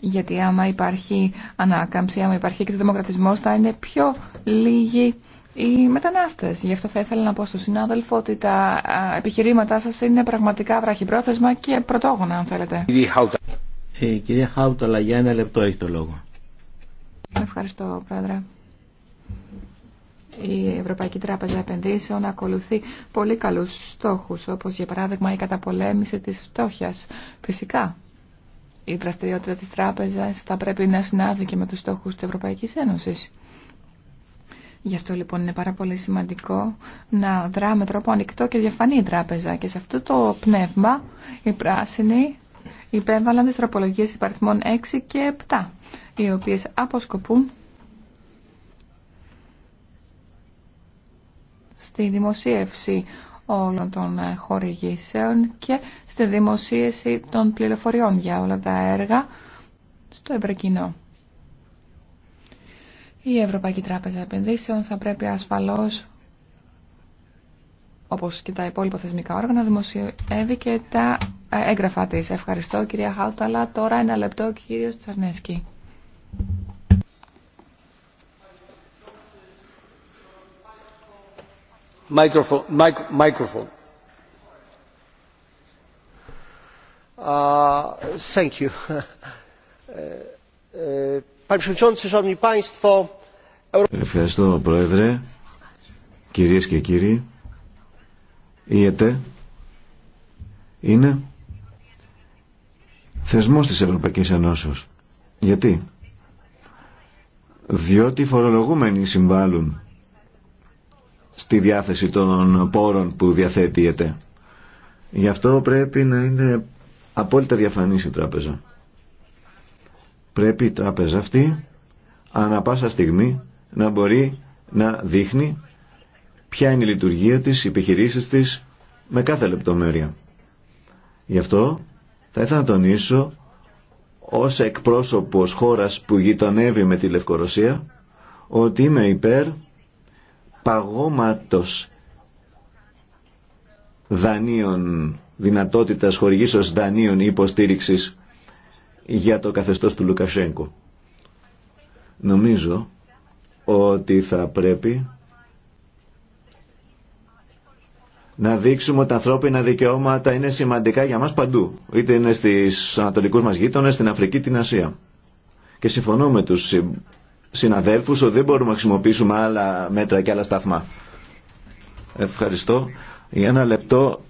Γιατί άμα υπάρχει ανάκαμψη, άμα υπάρχει και δημοκρατισμός, θα είναι πιο λίγοι οι μετανάστες. Γι' αυτό θα ήθελα να πω στον συνάδελφο ότι τα επιχειρήματά σας είναι πραγματικά βραχυπρόθεσμα και πρωτόγωνα, αν θέλετε. Η κυρία Χάουταλα για ένα λεπτό έχει το λόγο. Ευχαριστώ, Πρόεδρε. Η Ευρωπαϊκή Τράπεζα Επενδύσεων ακολουθεί πολύ καλούς στόχους, όπως για παράδειγμα η καταπολέμηση της φτώχειας. Φυσικά, η δραστηριότητα της τράπεζας θα πρέπει να συνάδει και με τους στόχους της Ευρωπαϊκής Ένωσης. Γι' αυτό λοιπόν είναι πάρα πολύ σημαντικό να δρά τρόπο ανοιχτό και διαφανή η τράπεζα. Και σε αυτό το πνεύμα οι πράσινοι υπέβαλαν τις τροπολογίες υπαριθμών 6 και 7 οι οποίες αποσκοπούν στη δημοσίευση όλων των ε, χορηγήσεων και στη δημοσίευση των πληροφοριών για όλα τα έργα στο ευρωκοινό. Η Ευρωπαϊκή Τράπεζα Επενδύσεων θα πρέπει ασφαλώς όπως και τα υπόλοιπα θεσμικά όργανα, δημοσιεύει και τα ε, έγγραφά της. Ευχαριστώ κυρία Χάουταλα. Τώρα ένα λεπτό κύριος Τσαρνέσκι. Ευχαριστώ, Πρόεδρε, κυρίες και κύριοι. Η ΕΤΕ είναι θεσμός της Ευρωπαϊκής Ενώσεως. Γιατί? διότι οι φορολογούμενοι συμβάλλουν στη διάθεση των πόρων που διαθέτει Γι' αυτό πρέπει να είναι απόλυτα διαφανής η τράπεζα. Πρέπει η τράπεζα αυτή ανά πάσα στιγμή να μπορεί να δείχνει ποια είναι η λειτουργία της, οι επιχειρήσεις της με κάθε λεπτομέρεια. Γι' αυτό θα ήθελα να τονίσω ως εκπρόσωπος χώρας που γειτονεύει με τη Λευκορωσία ότι είμαι υπέρ παγώματος δανείων, δυνατότητας χορηγήσεως δανείων υποστήριξης για το καθεστώς του Λουκασέγκου. Νομίζω ότι θα πρέπει να δείξουμε ότι τα ανθρώπινα δικαιώματα είναι σημαντικά για μας παντού, είτε είναι στις ανατολικούς μας γείτονες, στην Αφρική, την Ασία. Και συμφωνώ με τους συναδέλφους ότι δεν μπορούμε να χρησιμοποιήσουμε άλλα μέτρα και άλλα σταθμά. Ευχαριστώ. Για ένα λεπτό,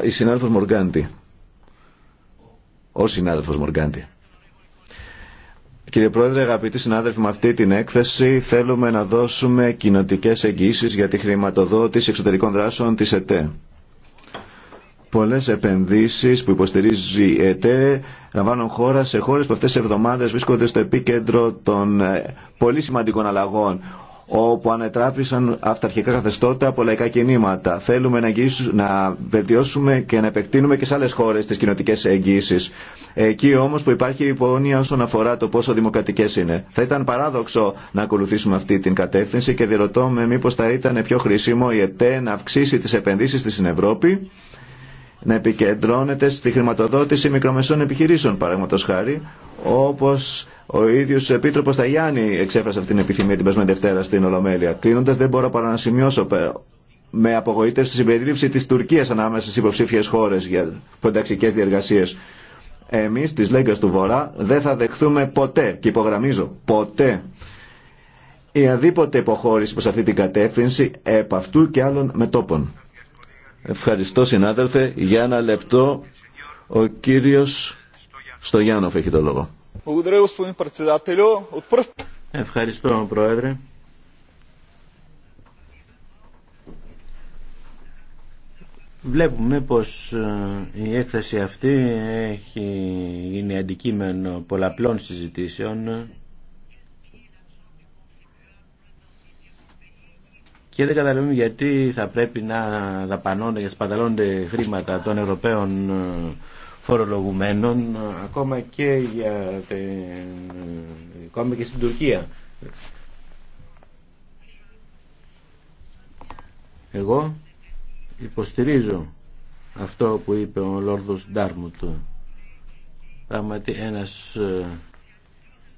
ε, η συνάδελφος Μοργκάντη. Ο συνάδελφος Μοργκάντη. Κύριε Πρόεδρε, αγαπητοί συνάδελφοι, με αυτή την έκθεση θέλουμε να δώσουμε κοινοτικέ εγγύσει για τη χρηματοδότηση εξωτερικών δράσεων τη ΕΤΕ. Πολλέ επενδύσει που υποστηρίζει η ΕΤΕ λαμβάνουν χώρα σε χώρε που αυτέ τι εβδομάδε βρίσκονται στο επίκεντρο των ε, πολύ σημαντικών αλλαγών όπου ανετράπησαν αυταρχικά καθεστώτα από λαϊκά κινήματα. Θέλουμε να, να βελτιώσουμε και να επεκτείνουμε και σε άλλε χώρε τι κοινοτικέ εγγύσει. Εκεί όμω που υπάρχει υπονοία όσον αφορά το πόσο δημοκρατικέ είναι. Θα ήταν παράδοξο να ακολουθήσουμε αυτή την κατεύθυνση και διερωτώ με μήπω θα ήταν πιο χρήσιμο η ΕΤΕ να αυξήσει τι επενδύσει τη στην Ευρώπη να επικεντρώνεται στη χρηματοδότηση μικρομεσών επιχειρήσεων, παραδείγματο χάρη, όπω. Ο ίδιο ο Επίτροπο Ταγιάννη εξέφρασε αυτή την επιθυμία την περσμένη Δευτέρα στην Ολομέλεια. Κλείνοντα, δεν μπορώ παρά να σημειώσω με απογοήτευση συμπερίληψη τη Τουρκία ανάμεσα στι υποψήφιε χώρε για πονταξικέ διεργασίε. Εμεί, τη Λέγκα του Βορρά, δεν θα δεχθούμε ποτέ, και υπογραμμίζω, ποτέ, η αδίποτε υποχώρηση προ αυτή την κατεύθυνση επ' αυτού και άλλων μετόπων. Ευχαριστώ, συνάδελφε. Για ένα λεπτό, ο κύριος Στογιάνοφ έχει το λόγο. Ευχαριστώ, Πρόεδρε. Βλέπουμε πως ε, η έκθεση αυτή έχει γίνει αντικείμενο πολλαπλών συζητήσεων και δεν καταλαβαίνουμε γιατί θα πρέπει να δαπανώνται και σπαταλώνται χρήματα των Ευρωπαίων ε, φορολογουμένων ακόμα και, για την... ακόμα και στην Τουρκία. Εγώ υποστηρίζω αυτό που είπε ο Λόρδος Ντάρμουτ. Πράγματι ένας ε,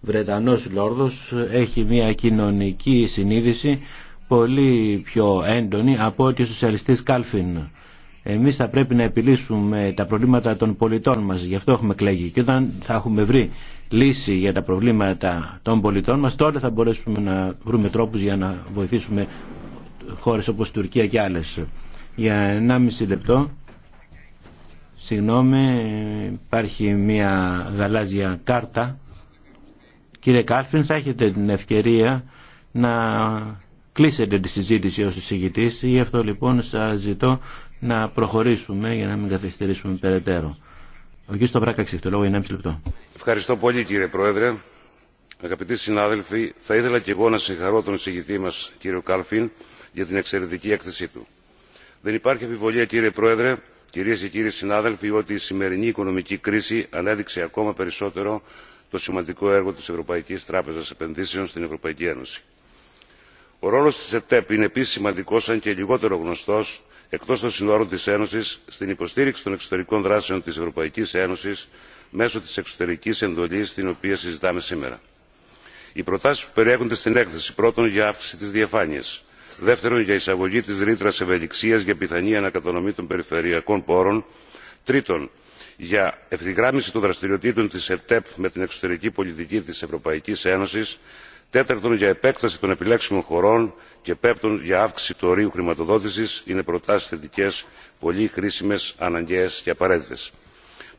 Βρετανός Λόρδος έχει μια κοινωνική συνείδηση πολύ πιο έντονη από ότι ο σοσιαλιστής Κάλφιν. Εμείς θα πρέπει να επιλύσουμε τα προβλήματα των πολιτών μας, γι' αυτό έχουμε κλέγει. Και όταν θα έχουμε βρει λύση για τα προβλήματα των πολιτών μας, τότε θα μπορέσουμε να βρούμε τρόπους για να βοηθήσουμε χώρες όπως Τουρκία και άλλες. Για 1,5 λεπτό, συγγνώμη, υπάρχει μια γαλάζια κάρτα. Κύριε Κάλφιν, θα έχετε την ευκαιρία να κλείσετε τη συζήτηση ως εισηγητής. Γι' αυτό λοιπόν σας ζητώ να προχωρήσουμε για να μην καθυστερήσουμε περαιτέρω. Ο κ. Σταυράκα το λόγο για 1,5 λεπτό. Ευχαριστώ πολύ κύριε Πρόεδρε. Αγαπητοί συνάδελφοι, θα ήθελα και εγώ να συγχαρώ τον εισηγητή μα κύριο Κάλφιν για την εξαιρετική έκθεσή του. Δεν υπάρχει επιβολία κύριε Πρόεδρε, κυρίε και κύριοι συνάδελφοι, ότι η σημερινή οικονομική κρίση ανέδειξε ακόμα περισσότερο το σημαντικό έργο τη Ευρωπαϊκή Τράπεζα Επενδύσεων στην Ευρωπαϊκή Ένωση. Ο ρόλο τη ΕΤΕΠ είναι επίση σημαντικό, αν και λιγότερο γνωστό, εκτός των συνόρων της ένωσης στην υποστήριξη των εξωτερικών δράσεων της ευρωπαϊκής ένωσης μέσω της εξωτερικής εντολής την οποία συζητάμε σήμερα. οι προτάσεις που περιέχονται στην έκθεση πρώτον για αύξηση της διαφάνειας δεύτερον για εισαγωγή της ρήτρας ευελιξίας για πιθανή ανακατανομή των περιφερειακών πόρων τρίτον για ευθυγράμμιση των δραστηριοτήτων της ΕΤΕΠ με την εξωτερική πολιτική της ευρωπαϊκής ένωσης τέταρτον για επέκταση των επιλέξιμων χωρών και πέμπτον για αύξηση του ορίου χρηματοδότηση είναι προτάσει θετικέ πολύ χρήσιμε αναγκαίε και απαραίτητε.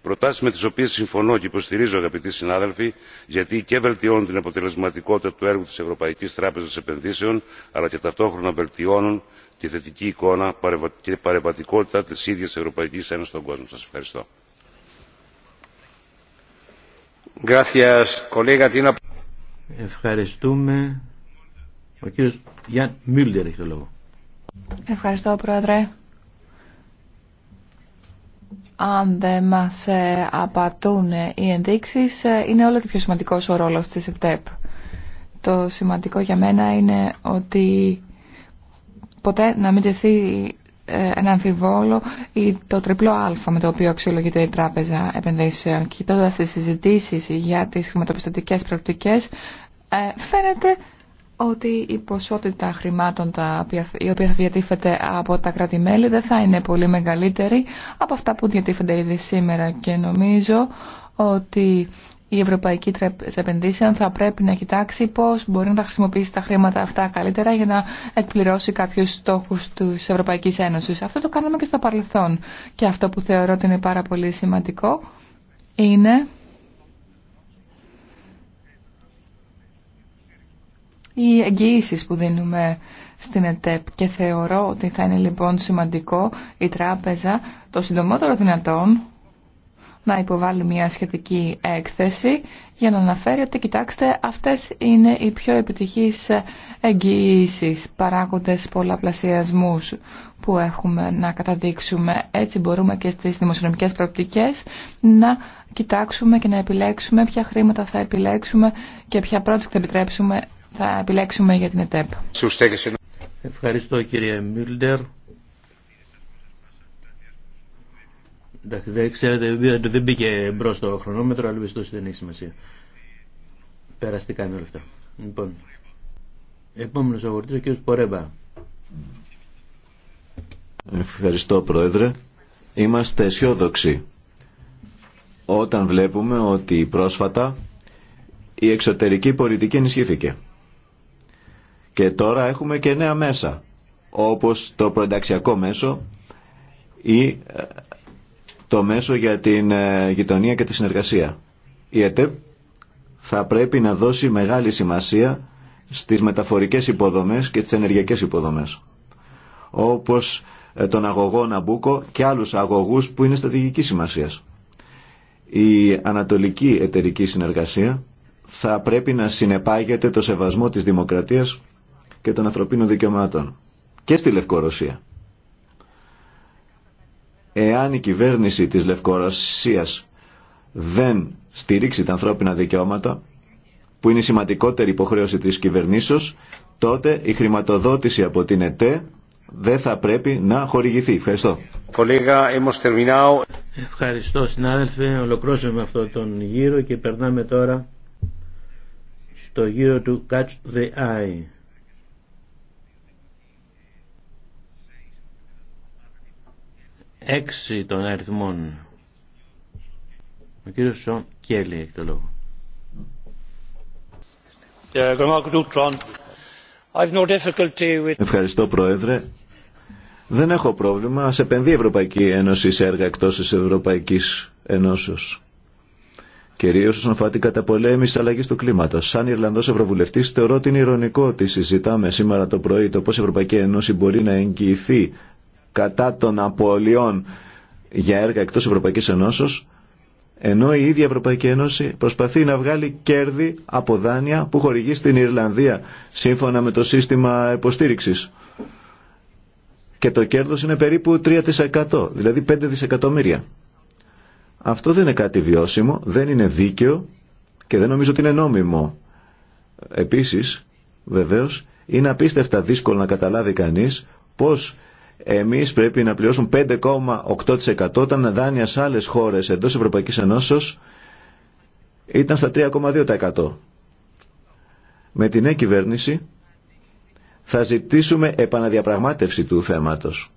προτάσει με τι οποίε συμφωνώ και υποστηρίζω αγαπητοί συνάδελφοι γιατί και βελτιώνουν την αποτελεσματικότητα του έργου τη ευρωπαϊκή τράπεζα επενδύσεων αλλά και ταυτόχρονα βελτιώνουν τη θετική εικόνα και παρεμβατικότητα τη ίδια ευρωπαϊκή ένωση στον κόσμο. σα ευχαριστώ. Ευχαριστούμε. Ο κύριος Γιάν Μιούλτερ έχει το λόγο. Ευχαριστώ πρόεδρε. Αν δεν μας ε, απατούν ε, οι ενδείξεις, ε, είναι όλο και πιο σημαντικός ο ρόλος της ΕΤΕΠ. Το σημαντικό για μένα είναι ότι ποτέ να μην τεθεί ε, ένα αμφιβόλο ή το τριπλό α με το οποίο αξιολογείται η Τράπεζα Επενδύσεων. Κοιτώντα τι συζητήσει για τι χρηματοπιστωτικέ προοπτικέ, ε, φαίνεται ότι η ποσότητα χρημάτων τα οποία, η οποία θα διατίθεται από τα κράτη-μέλη δεν θα είναι πολύ μεγαλύτερη από αυτά που διατίθεται ήδη σήμερα και νομίζω ότι η Ευρωπαϊκή Τράπεζα Επενδύσεων θα πρέπει να κοιτάξει πώς μπορεί να τα χρησιμοποιήσει τα χρήματα αυτά καλύτερα για να εκπληρώσει κάποιους στόχους της Ευρωπαϊκής Ένωσης. Αυτό το κάναμε και στο παρελθόν. Και αυτό που θεωρώ ότι είναι πάρα πολύ σημαντικό είναι οι εγγυήσει που δίνουμε στην ΕΤΕΠ και θεωρώ ότι θα είναι λοιπόν σημαντικό η τράπεζα το συντομότερο δυνατόν να υποβάλει μια σχετική έκθεση για να αναφέρει ότι κοιτάξτε αυτές είναι οι πιο επιτυχείς εγγυήσεις, παράγοντες πολλαπλασιασμού που έχουμε να καταδείξουμε. Έτσι μπορούμε και στις δημοσιονομικές προοπτικές να κοιτάξουμε και να επιλέξουμε ποια χρήματα θα επιλέξουμε και ποια project θα, επιτρέψουμε, θα επιλέξουμε για την ΕΤΕΠ. Ευχαριστώ κύριε Μιλντερ. δεν ξέρετε, δεν μπήκε μπρο το χρονόμετρο, αλλά πιστό δεν έχει σημασία. Περαστικά είναι όλα αυτά. Λοιπόν, επόμενο αγορητή ο κ. Πορέμπα. Ευχαριστώ, Πρόεδρε. Είμαστε αισιόδοξοι όταν βλέπουμε ότι πρόσφατα η εξωτερική πολιτική ενισχύθηκε. Και τώρα έχουμε και νέα μέσα, όπως το προενταξιακό μέσο ή ε, το μέσο για την ε, γειτονία και τη συνεργασία. Η ΕΤΕΠ θα πρέπει να δώσει μεγάλη σημασία στις μεταφορικές υποδομές και τις ενεργειακές υποδομές, όπως ε, τον αγωγό Ναμπούκο και άλλους αγωγούς που είναι στατηγική σημασία. Η ανατολική εταιρική συνεργασία θα πρέπει να συνεπάγεται το σεβασμό της δημοκρατίας και των ανθρωπίνων δικαιωμάτων και στη Λευκορωσία. Εάν η κυβέρνηση της Λευκορωσίας δεν στηρίξει τα ανθρώπινα δικαιώματα, που είναι η σημαντικότερη υποχρέωση της κυβερνήσεως, τότε η χρηματοδότηση από την ΕΤΕ δεν θα πρέπει να χορηγηθεί. Ευχαριστώ. Ευχαριστώ συνάδελφε. Ολοκλώσαμε αυτό τον γύρο και περνάμε τώρα στο γύρο του Catch the Eye. Έξι των αριθμών. Ο κύριος Σον Κέλλη έχει το λόγο. Ευχαριστώ Πρόεδρε. Δεν έχω πρόβλημα. Ας επενδύει η Ευρωπαϊκή Ένωση σε έργα εκτός της Ευρωπαϊκής Ενώσεως. Κυρίω όσον αφορά την καταπολέμηση αλλαγή του κλίματο. Σαν Ιρλανδό Ευρωβουλευτή, θεωρώ ότι είναι ηρωνικό ότι συζητάμε σήμερα το πρωί το πώ η Ευρωπαϊκή Ένωση μπορεί να εγγυηθεί κατά των απολειών για έργα εκτός Ευρωπαϊκής Ενώσεως, ενώ η ίδια Ευρωπαϊκή Ένωση προσπαθεί να βγάλει κέρδη από δάνεια που χορηγεί στην Ιρλανδία, σύμφωνα με το σύστημα υποστήριξης. Και το κέρδος είναι περίπου 3%, δηλαδή 5 δισεκατομμύρια. Αυτό δεν είναι κάτι βιώσιμο, δεν είναι δίκαιο και δεν νομίζω ότι είναι νόμιμο. Επίσης, βεβαίως, είναι απίστευτα δύσκολο να καταλάβει κανείς πώς εμείς πρέπει να πληρώσουν 5,8% όταν δάνεια σε άλλες χώρες εντός Ευρωπαϊκής Ενώσεως ήταν στα 3,2%. Με την νέα κυβέρνηση θα ζητήσουμε επαναδιαπραγμάτευση του θέματος.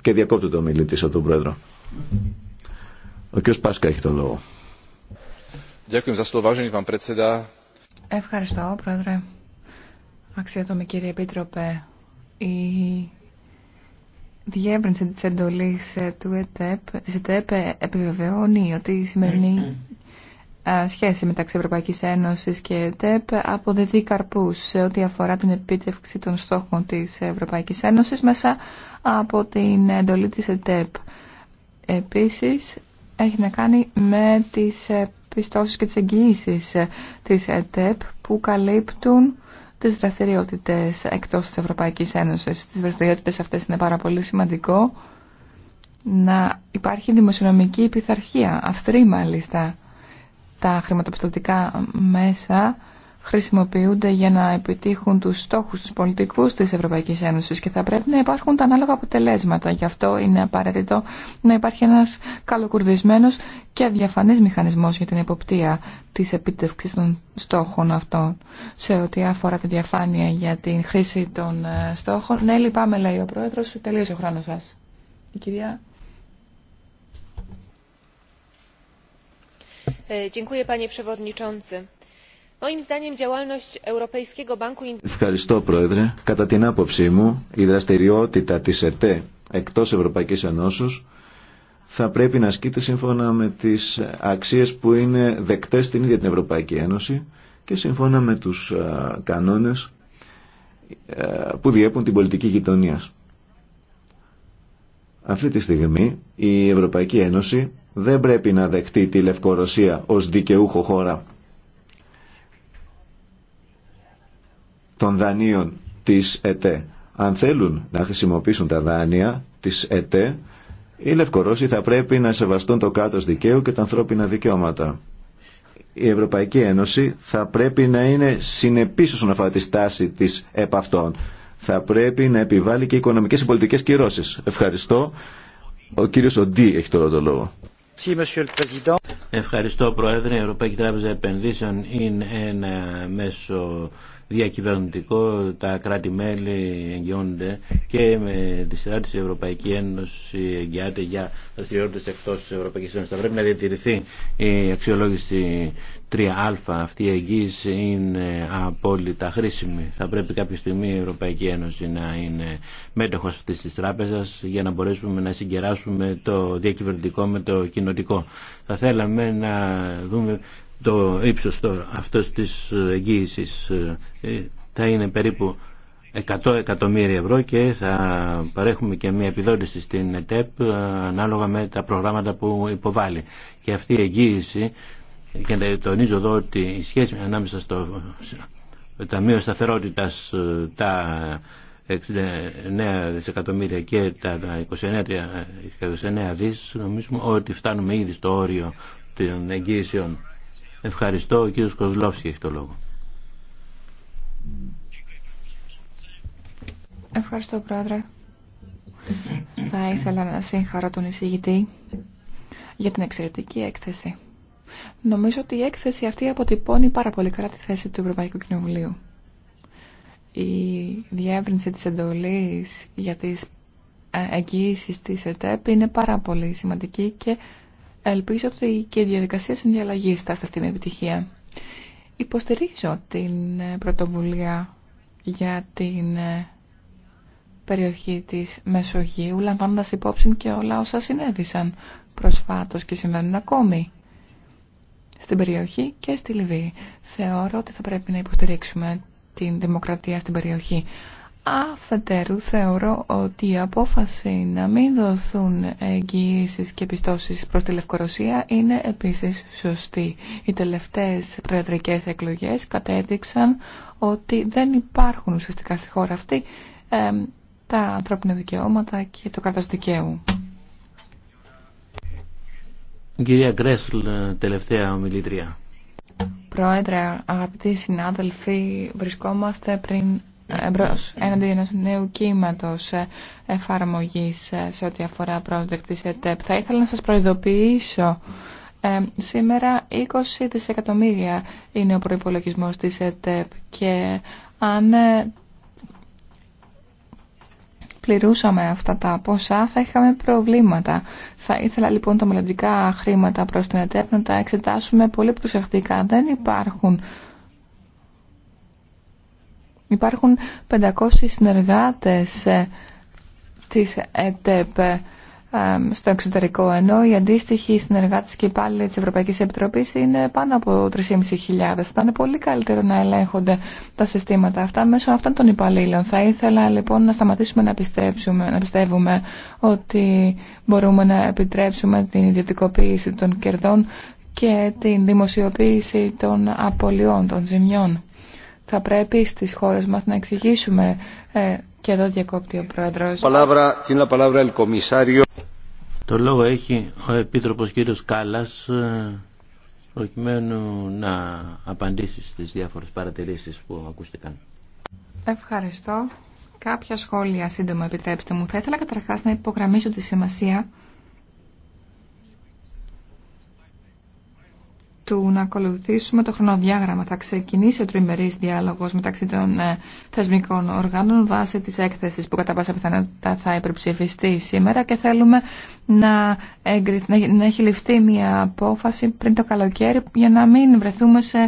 Και διακόπτω το μιλητή από τον Πρόεδρο. Ο κ. Πάσκα έχει τον λόγο. Ευχαριστώ, Πρόεδρε. Αξιότομη κύριε Επίτροπε, η διεύρυνση της εντολής ε, του ΕΤΕΠ, της ΕΤΕΠ ε, επιβεβαιώνει ότι η σημερινή ε, σχέση μεταξύ Ευρωπαϊκής Ένωσης και ΕΤΕΠ αποδεδεί καρπούς σε ό,τι αφορά την επίτευξη των στόχων της Ευρωπαϊκής Ένωσης μέσα από την εντολή της ΕΤΕΠ. Επίσης, έχει να κάνει με τις πιστώσεις και τις εγγυήσεις της ΕΤΕΠ που καλύπτουν τις δραστηριότητε εκτός της Ευρωπαϊκής Ένωσης. Τις δραστηριότητε, αυτές είναι πάρα πολύ σημαντικό να υπάρχει δημοσιονομική πειθαρχία, αυστηρή μάλιστα. Τα χρηματοπιστωτικά μέσα χρησιμοποιούνται για να επιτύχουν τους στόχους τους πολιτικούς της Ευρωπαϊκής Ένωσης και θα πρέπει να υπάρχουν τα ανάλογα αποτελέσματα. Γι' αυτό είναι απαραίτητο να υπάρχει ένας καλοκουρδισμένος και διαφανής μηχανισμός για την εποπτεία της επίτευξης των στόχων αυτών. Σε ό,τι αφορά τη διαφάνεια για την χρήση των ε, στόχων. Ναι, λυπάμαι, λέει ο Πρόεδρος, τελείωσε ο χρόνος σας. Η κυρία... Ε, dziękuję panie przewodniczący. Ευχαριστώ Πρόεδρε. Κατά την άποψή μου, η δραστηριότητα της ΕΤΕ εκτός Ευρωπαϊκής Ενώσεως θα πρέπει να ασκείται σύμφωνα με τις αξίες που είναι δεκτές στην ίδια την Ευρωπαϊκή Ένωση και σύμφωνα με τους κανόνες που διέπουν την πολιτική γειτονία. Αυτή τη στιγμή η Ευρωπαϊκή Ένωση δεν πρέπει να δεχτεί τη Λευκορωσία ως δικαιούχο χώρα των δανείων της ΕΤΕ. Αν θέλουν να χρησιμοποιήσουν τα δάνεια της ΕΤΕ, οι Λευκορώσοι θα πρέπει να σεβαστούν το κάτω δικαίου και τα ανθρώπινα δικαιώματα. Η Ευρωπαϊκή Ένωση θα πρέπει να είναι συνεπής όσον αφορά τη στάση της επ' αυτών. Θα πρέπει να επιβάλλει και οικονομικές και πολιτικές κυρώσεις. Ευχαριστώ. Ο κύριος Οντί έχει τώρα το λόγο. Ευχαριστώ Πρόεδρε. Η Ευρωπαϊκή Τράπεζα Επενδύσεων είναι ένα μέσο διακυβερνητικό τα κράτη-μέλη εγγυώνται και με τη σειρά της Ευρωπαϊκή Ένωση εγγυάται για δραστηριότητε εκτός τη Ευρωπαϊκή Ένωση. Θα πρέπει να διατηρηθεί η αξιολόγηση 3α. Αυτή η εγγύηση είναι απόλυτα χρήσιμη. Θα πρέπει κάποια στιγμή η Ευρωπαϊκή Ένωση να είναι μέτοχος αυτής της τράπεζας για να μπορέσουμε να συγκεράσουμε το διακυβερνητικό με το κοινοτικό. Θα θέλαμε να δούμε το ύψος τώρα αυτός της ε, εγγύησης ε, ε, θα είναι περίπου 100 εκατομμύρια ευρώ και θα παρέχουμε και μια επιδότηση στην ΕΤΕΠ ανάλογα με τα προγράμματα που υποβάλλει. Και αυτή η εγγύηση, και τονίζω εδώ ότι η σχέση ανάμεσα στο Ταμείο Σταθερότητας τα 69 δισεκατομμύρια και τα 29, 29 δις νομίζουμε ότι φτάνουμε ήδη στο όριο των εγγύησεων. Ευχαριστώ. Ο κύριος Κοσλόφσκι έχει το λόγο. Ευχαριστώ, Πρόεδρε. Θα ήθελα να συγχαρώ τον εισηγητή για την εξαιρετική έκθεση. Νομίζω ότι η έκθεση αυτή αποτυπώνει πάρα πολύ καλά τη θέση του Ευρωπαϊκού Κοινοβουλίου. Η διεύρυνση της εντολής για τις ε, εγγύησεις της ΕΤΕΠ είναι πάρα πολύ σημαντική και Ελπίζω ότι και η διαδικασία συνδιαλλαγής θα σταθεί με επιτυχία. Υποστηρίζω την ε, πρωτοβουλία για την ε, περιοχή της Μεσογείου, λαμβάνοντας υπόψη και όλα όσα συνέβησαν προσφάτως και συμβαίνουν ακόμη στην περιοχή και στη Λιβύη. Θεωρώ ότι θα πρέπει να υποστηρίξουμε την δημοκρατία στην περιοχή. Αφετέρου θεωρώ ότι η απόφαση να μην δοθούν εγγυήσεις και πιστώσεις προς τη Λευκορωσία είναι επίσης σωστή. Οι τελευταίες προεδρικές εκλογές κατέδειξαν ότι δεν υπάρχουν ουσιαστικά στη χώρα αυτή τα ανθρώπινα δικαιώματα και το κράτος δικαίου. Κυρία Γκρέσλ, τελευταία ομιλήτρια. Πρόεδρε, αγαπητοί συνάδελφοι, βρισκόμαστε πριν εμπρός έναντι ενός νέου κύματος ε, εφαρμογής ε, σε ό,τι αφορά project της ΕΤΕΠ. Θα ήθελα να σας προειδοποιήσω. Ε, σήμερα 20 δισεκατομμύρια είναι ο προϋπολογισμός της ΕΤΕΠ και αν πληρούσαμε αυτά τα ποσά θα είχαμε προβλήματα. Θα ήθελα λοιπόν τα μελλοντικά χρήματα προς την ΕΤΕΠ να τα εξετάσουμε πολύ προσεκτικά. Δεν υπάρχουν Υπάρχουν 500 συνεργάτες ε, της ΕΤΕΠ ε, στο εξωτερικό, ενώ οι αντίστοιχοι συνεργάτες και υπάλληλοι της Ευρωπαϊκής Επιτροπής είναι πάνω από 3.500. Θα ήταν πολύ καλύτερο να ελέγχονται τα συστήματα αυτά μέσω αυτών των υπαλλήλων. Θα ήθελα λοιπόν να σταματήσουμε να, πιστέψουμε, να πιστεύουμε ότι μπορούμε να επιτρέψουμε την ιδιωτικοποίηση των κερδών και την δημοσιοποίηση των απολειών, των ζημιών. Θα πρέπει στις χώρες μας να εξηγήσουμε ε, και εδώ διακόπτει ο Πρόεδρος. Το λόγο έχει ο Επίτροπος κύριος Κάλλας ε, προκειμένου να απαντήσει στις διάφορες παρατηρήσεις που ακούστηκαν. Ευχαριστώ. Κάποια σχόλια σύντομα επιτρέψτε μου. Θα ήθελα καταρχάς να υπογραμμίσω τη σημασία του να ακολουθήσουμε το χρονοδιάγραμμα. Θα ξεκινήσει ο τριμερής διάλογος μεταξύ των ε, θεσμικών οργάνων βάσει της έκθεσης που κατά πάσα πιθανότητα θα υπερψηφιστεί σήμερα και θέλουμε να, έχει ληφθεί μια απόφαση πριν το καλοκαίρι για να μην βρεθούμε σε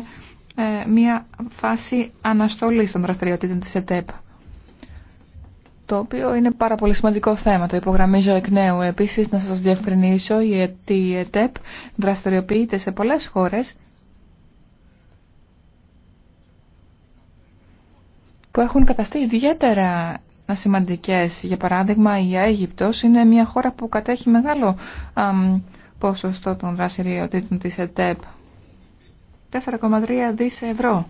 ε, μια φάση αναστολής των δραστηριοτήτων της ΕΤΕΠ το οποίο είναι πάρα πολύ σημαντικό θέμα. Το υπογραμμίζω εκ νέου. Επίσης, να σας διευκρινίσω, η ΕΤΕΠ δραστηριοποιείται σε πολλές χώρες που έχουν καταστεί ιδιαίτερα σημαντικέ. Για παράδειγμα, η Αίγυπτος είναι μια χώρα που κατέχει μεγάλο ποσοστό των δραστηριοτήτων τη ΕΤΕΠ. 4,3 δις ευρώ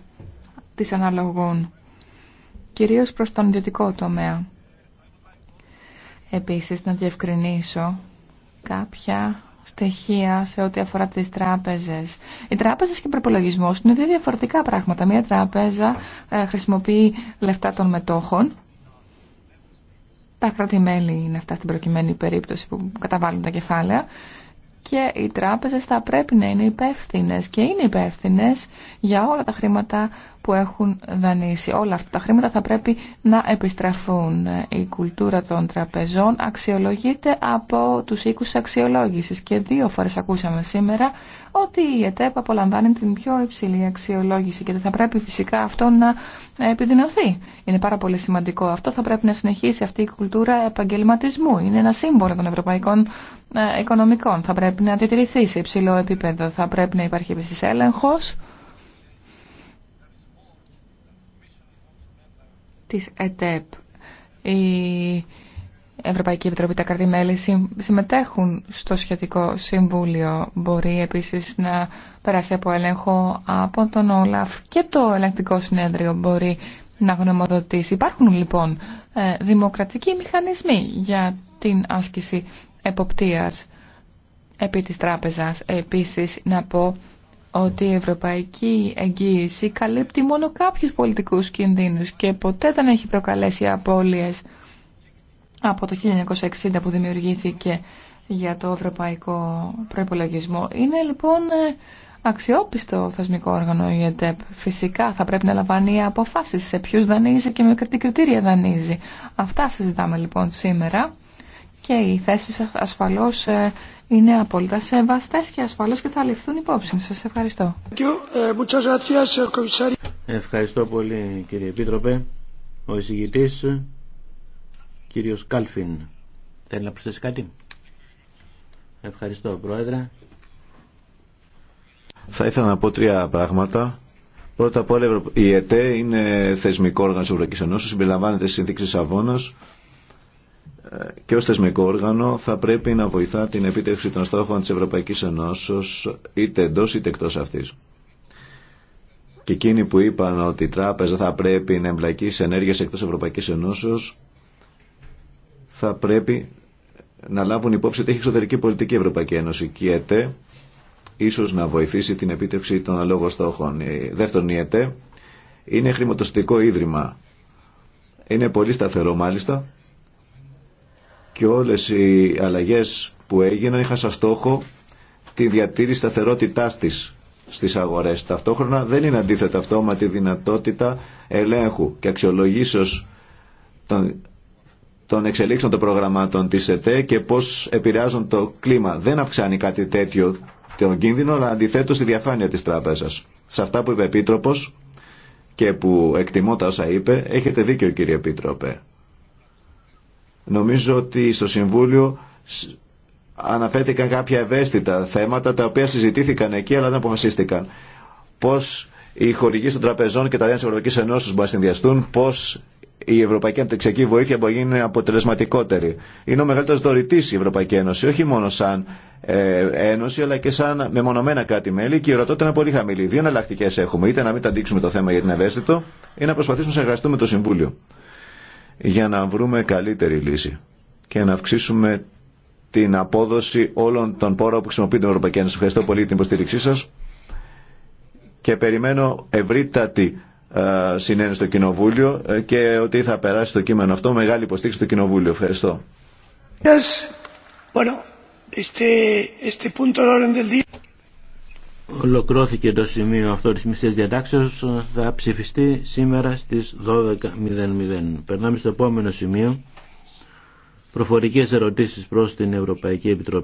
της αναλογούν, κυρίως προς τον ιδιωτικό τομέα επίσης να διευκρινίσω κάποια στοιχεία σε ό,τι αφορά τις τράπεζες. Οι τράπεζες και ο προπολογισμό είναι δύο διαφορετικά πράγματα. Μία τράπεζα ε, χρησιμοποιεί λεφτά των μετόχων. Τα κράτη-μέλη είναι αυτά στην προκειμένη περίπτωση που καταβάλουν τα κεφάλαια και οι τράπεζες θα πρέπει να είναι υπεύθυνε και είναι υπεύθυνε για όλα τα χρήματα που έχουν δανείσει. Όλα αυτά τα χρήματα θα πρέπει να επιστραφούν. Η κουλτούρα των τραπεζών αξιολογείται από τους οίκους αξιολόγησης και δύο φορές ακούσαμε σήμερα ότι η ΕΤΕΠ απολαμβάνει την πιο υψηλή αξιολόγηση και θα πρέπει φυσικά αυτό να επιδεινωθεί. Είναι πάρα πολύ σημαντικό. Αυτό θα πρέπει να συνεχίσει αυτή η κουλτούρα επαγγελματισμού. Είναι ένα σύμβολο των ευρωπαϊκών ε, οικονομικών. Θα πρέπει να διατηρηθεί σε υψηλό επίπεδο. Θα πρέπει να υπάρχει επίση έλεγχο. της ΕΤΕΠ. Ευρωπαϊκή Επιτροπή, τα κρατημέλη συμμετέχουν στο σχετικό συμβούλιο. Μπορεί επίσης να περάσει από έλεγχο από τον Όλαφ και το ελεγκτικό συνέδριο μπορεί να γνωμοδοτήσει. Υπάρχουν λοιπόν ε, δημοκρατικοί μηχανισμοί για την άσκηση εποπτείας επί της τράπεζας. Επίσης να πω ότι η ευρωπαϊκή εγγύηση καλύπτει μόνο κάποιους πολιτικούς κινδύνους και ποτέ δεν έχει προκαλέσει απώλειες από το 1960 που δημιουργήθηκε για το ευρωπαϊκό προϋπολογισμό. Είναι λοιπόν ε, αξιόπιστο θεσμικό όργανο η ΕΤΕΠ. Φυσικά θα πρέπει να λαμβάνει αποφάσεις σε ποιους δανείζει και με τι κριτήρια δανείζει. Αυτά συζητάμε λοιπόν σήμερα και οι θέσει σας ασφαλώς ε, είναι απόλυτα σεβαστές και ασφαλώς και θα ληφθούν υπόψη. Σας ευχαριστώ. Ε, ευχαριστώ πολύ κύριε Επίτροπε. Ο εισηγητής Κύριος Κάλφιν, θέλει να προσθέσει κάτι. Ευχαριστώ, Πρόεδρε. Θα ήθελα να πω τρία πράγματα. Πρώτα απ' όλα, η ΕΤΕ είναι θεσμικό όργανο τη Ευρωπαϊκή Ενώση, συμπεριλαμβάνεται στι συνθήκε Αβώνα ε, και ω θεσμικό όργανο θα πρέπει να βοηθά την επίτευξη των στόχων τη Ευρωπαϊκή Ένωση, είτε εντό είτε εκτό αυτή. Και εκείνοι που είπαν ότι η τράπεζα θα πρέπει να εμπλακεί σε ενέργειε εκτό Ευρωπαϊκή Ενώσεω θα πρέπει να λάβουν υπόψη ότι έχει εξωτερική πολιτική η Ευρωπαϊκή Ένωση και η ΕΤΕ ίσως να βοηθήσει την επίτευξη των αλόγων στόχων. Δεύτερον, η ΕΤΕ είναι χρηματοστικό ίδρυμα. Είναι πολύ σταθερό μάλιστα και όλες οι αλλαγές που έγιναν είχαν σαν στόχο τη διατήρηση σταθερότητά τη στις αγορές. Ταυτόχρονα δεν είναι αντίθετα αυτό με τη δυνατότητα ελέγχου και αξιολογήσεω των εξελίξεων των προγραμμάτων της ΕΤΕ και πώς επηρεάζουν το κλίμα. Δεν αυξάνει κάτι τέτοιο τον κίνδυνο, αλλά αντιθέτω τη διαφάνεια της τράπεζας. Σε αυτά που είπε Επίτροπος και που εκτιμώ τα όσα είπε, έχετε δίκιο κύριε Επίτροπε. Νομίζω ότι στο Συμβούλιο αναφέρθηκαν κάποια ευαίσθητα θέματα τα οποία συζητήθηκαν εκεί αλλά δεν αποφασίστηκαν. Πώς οι χορηγοί των τραπεζών και τα διάνοια Ευρωπαϊκή Ενώσης μπορούν να συνδυαστούν, πώ η Ευρωπαϊκή Αντεξιακή Βοήθεια μπορεί να γίνει αποτελεσματικότερη. Είναι ο μεγαλύτερο δωρητή η Ευρωπαϊκή Ένωση, όχι μόνο σαν ε, Ένωση, αλλά και σαν μεμονωμένα κράτη-μέλη και η ορατότητα είναι πολύ χαμηλή. Δύο εναλλακτικέ έχουμε. Είτε να μην τα αντίξουμε το θέμα για την ευαίσθητο, ή να προσπαθήσουμε να συνεργαστούμε το Συμβούλιο για να βρούμε καλύτερη λύση και να αυξήσουμε την απόδοση όλων των πόρων που χρησιμοποιεί την Ευρωπαϊκή Ένωση. Ευχαριστώ πολύ την υποστήριξή σα και περιμένω ευρύτατη ε, συνένεση στο Κοινοβούλιο ε, και ότι θα περάσει το κείμενο αυτό μεγάλη υποστήριξη στο Κοινοβούλιο. Ευχαριστώ. Ολοκλώθηκε το σημείο αυτό τη μισή διατάξεω. Θα ψηφιστεί σήμερα στι 12.00. Περνάμε στο επόμενο σημείο. Προφορικέ ερωτήσει προ την Ευρωπαϊκή Επιτροπή.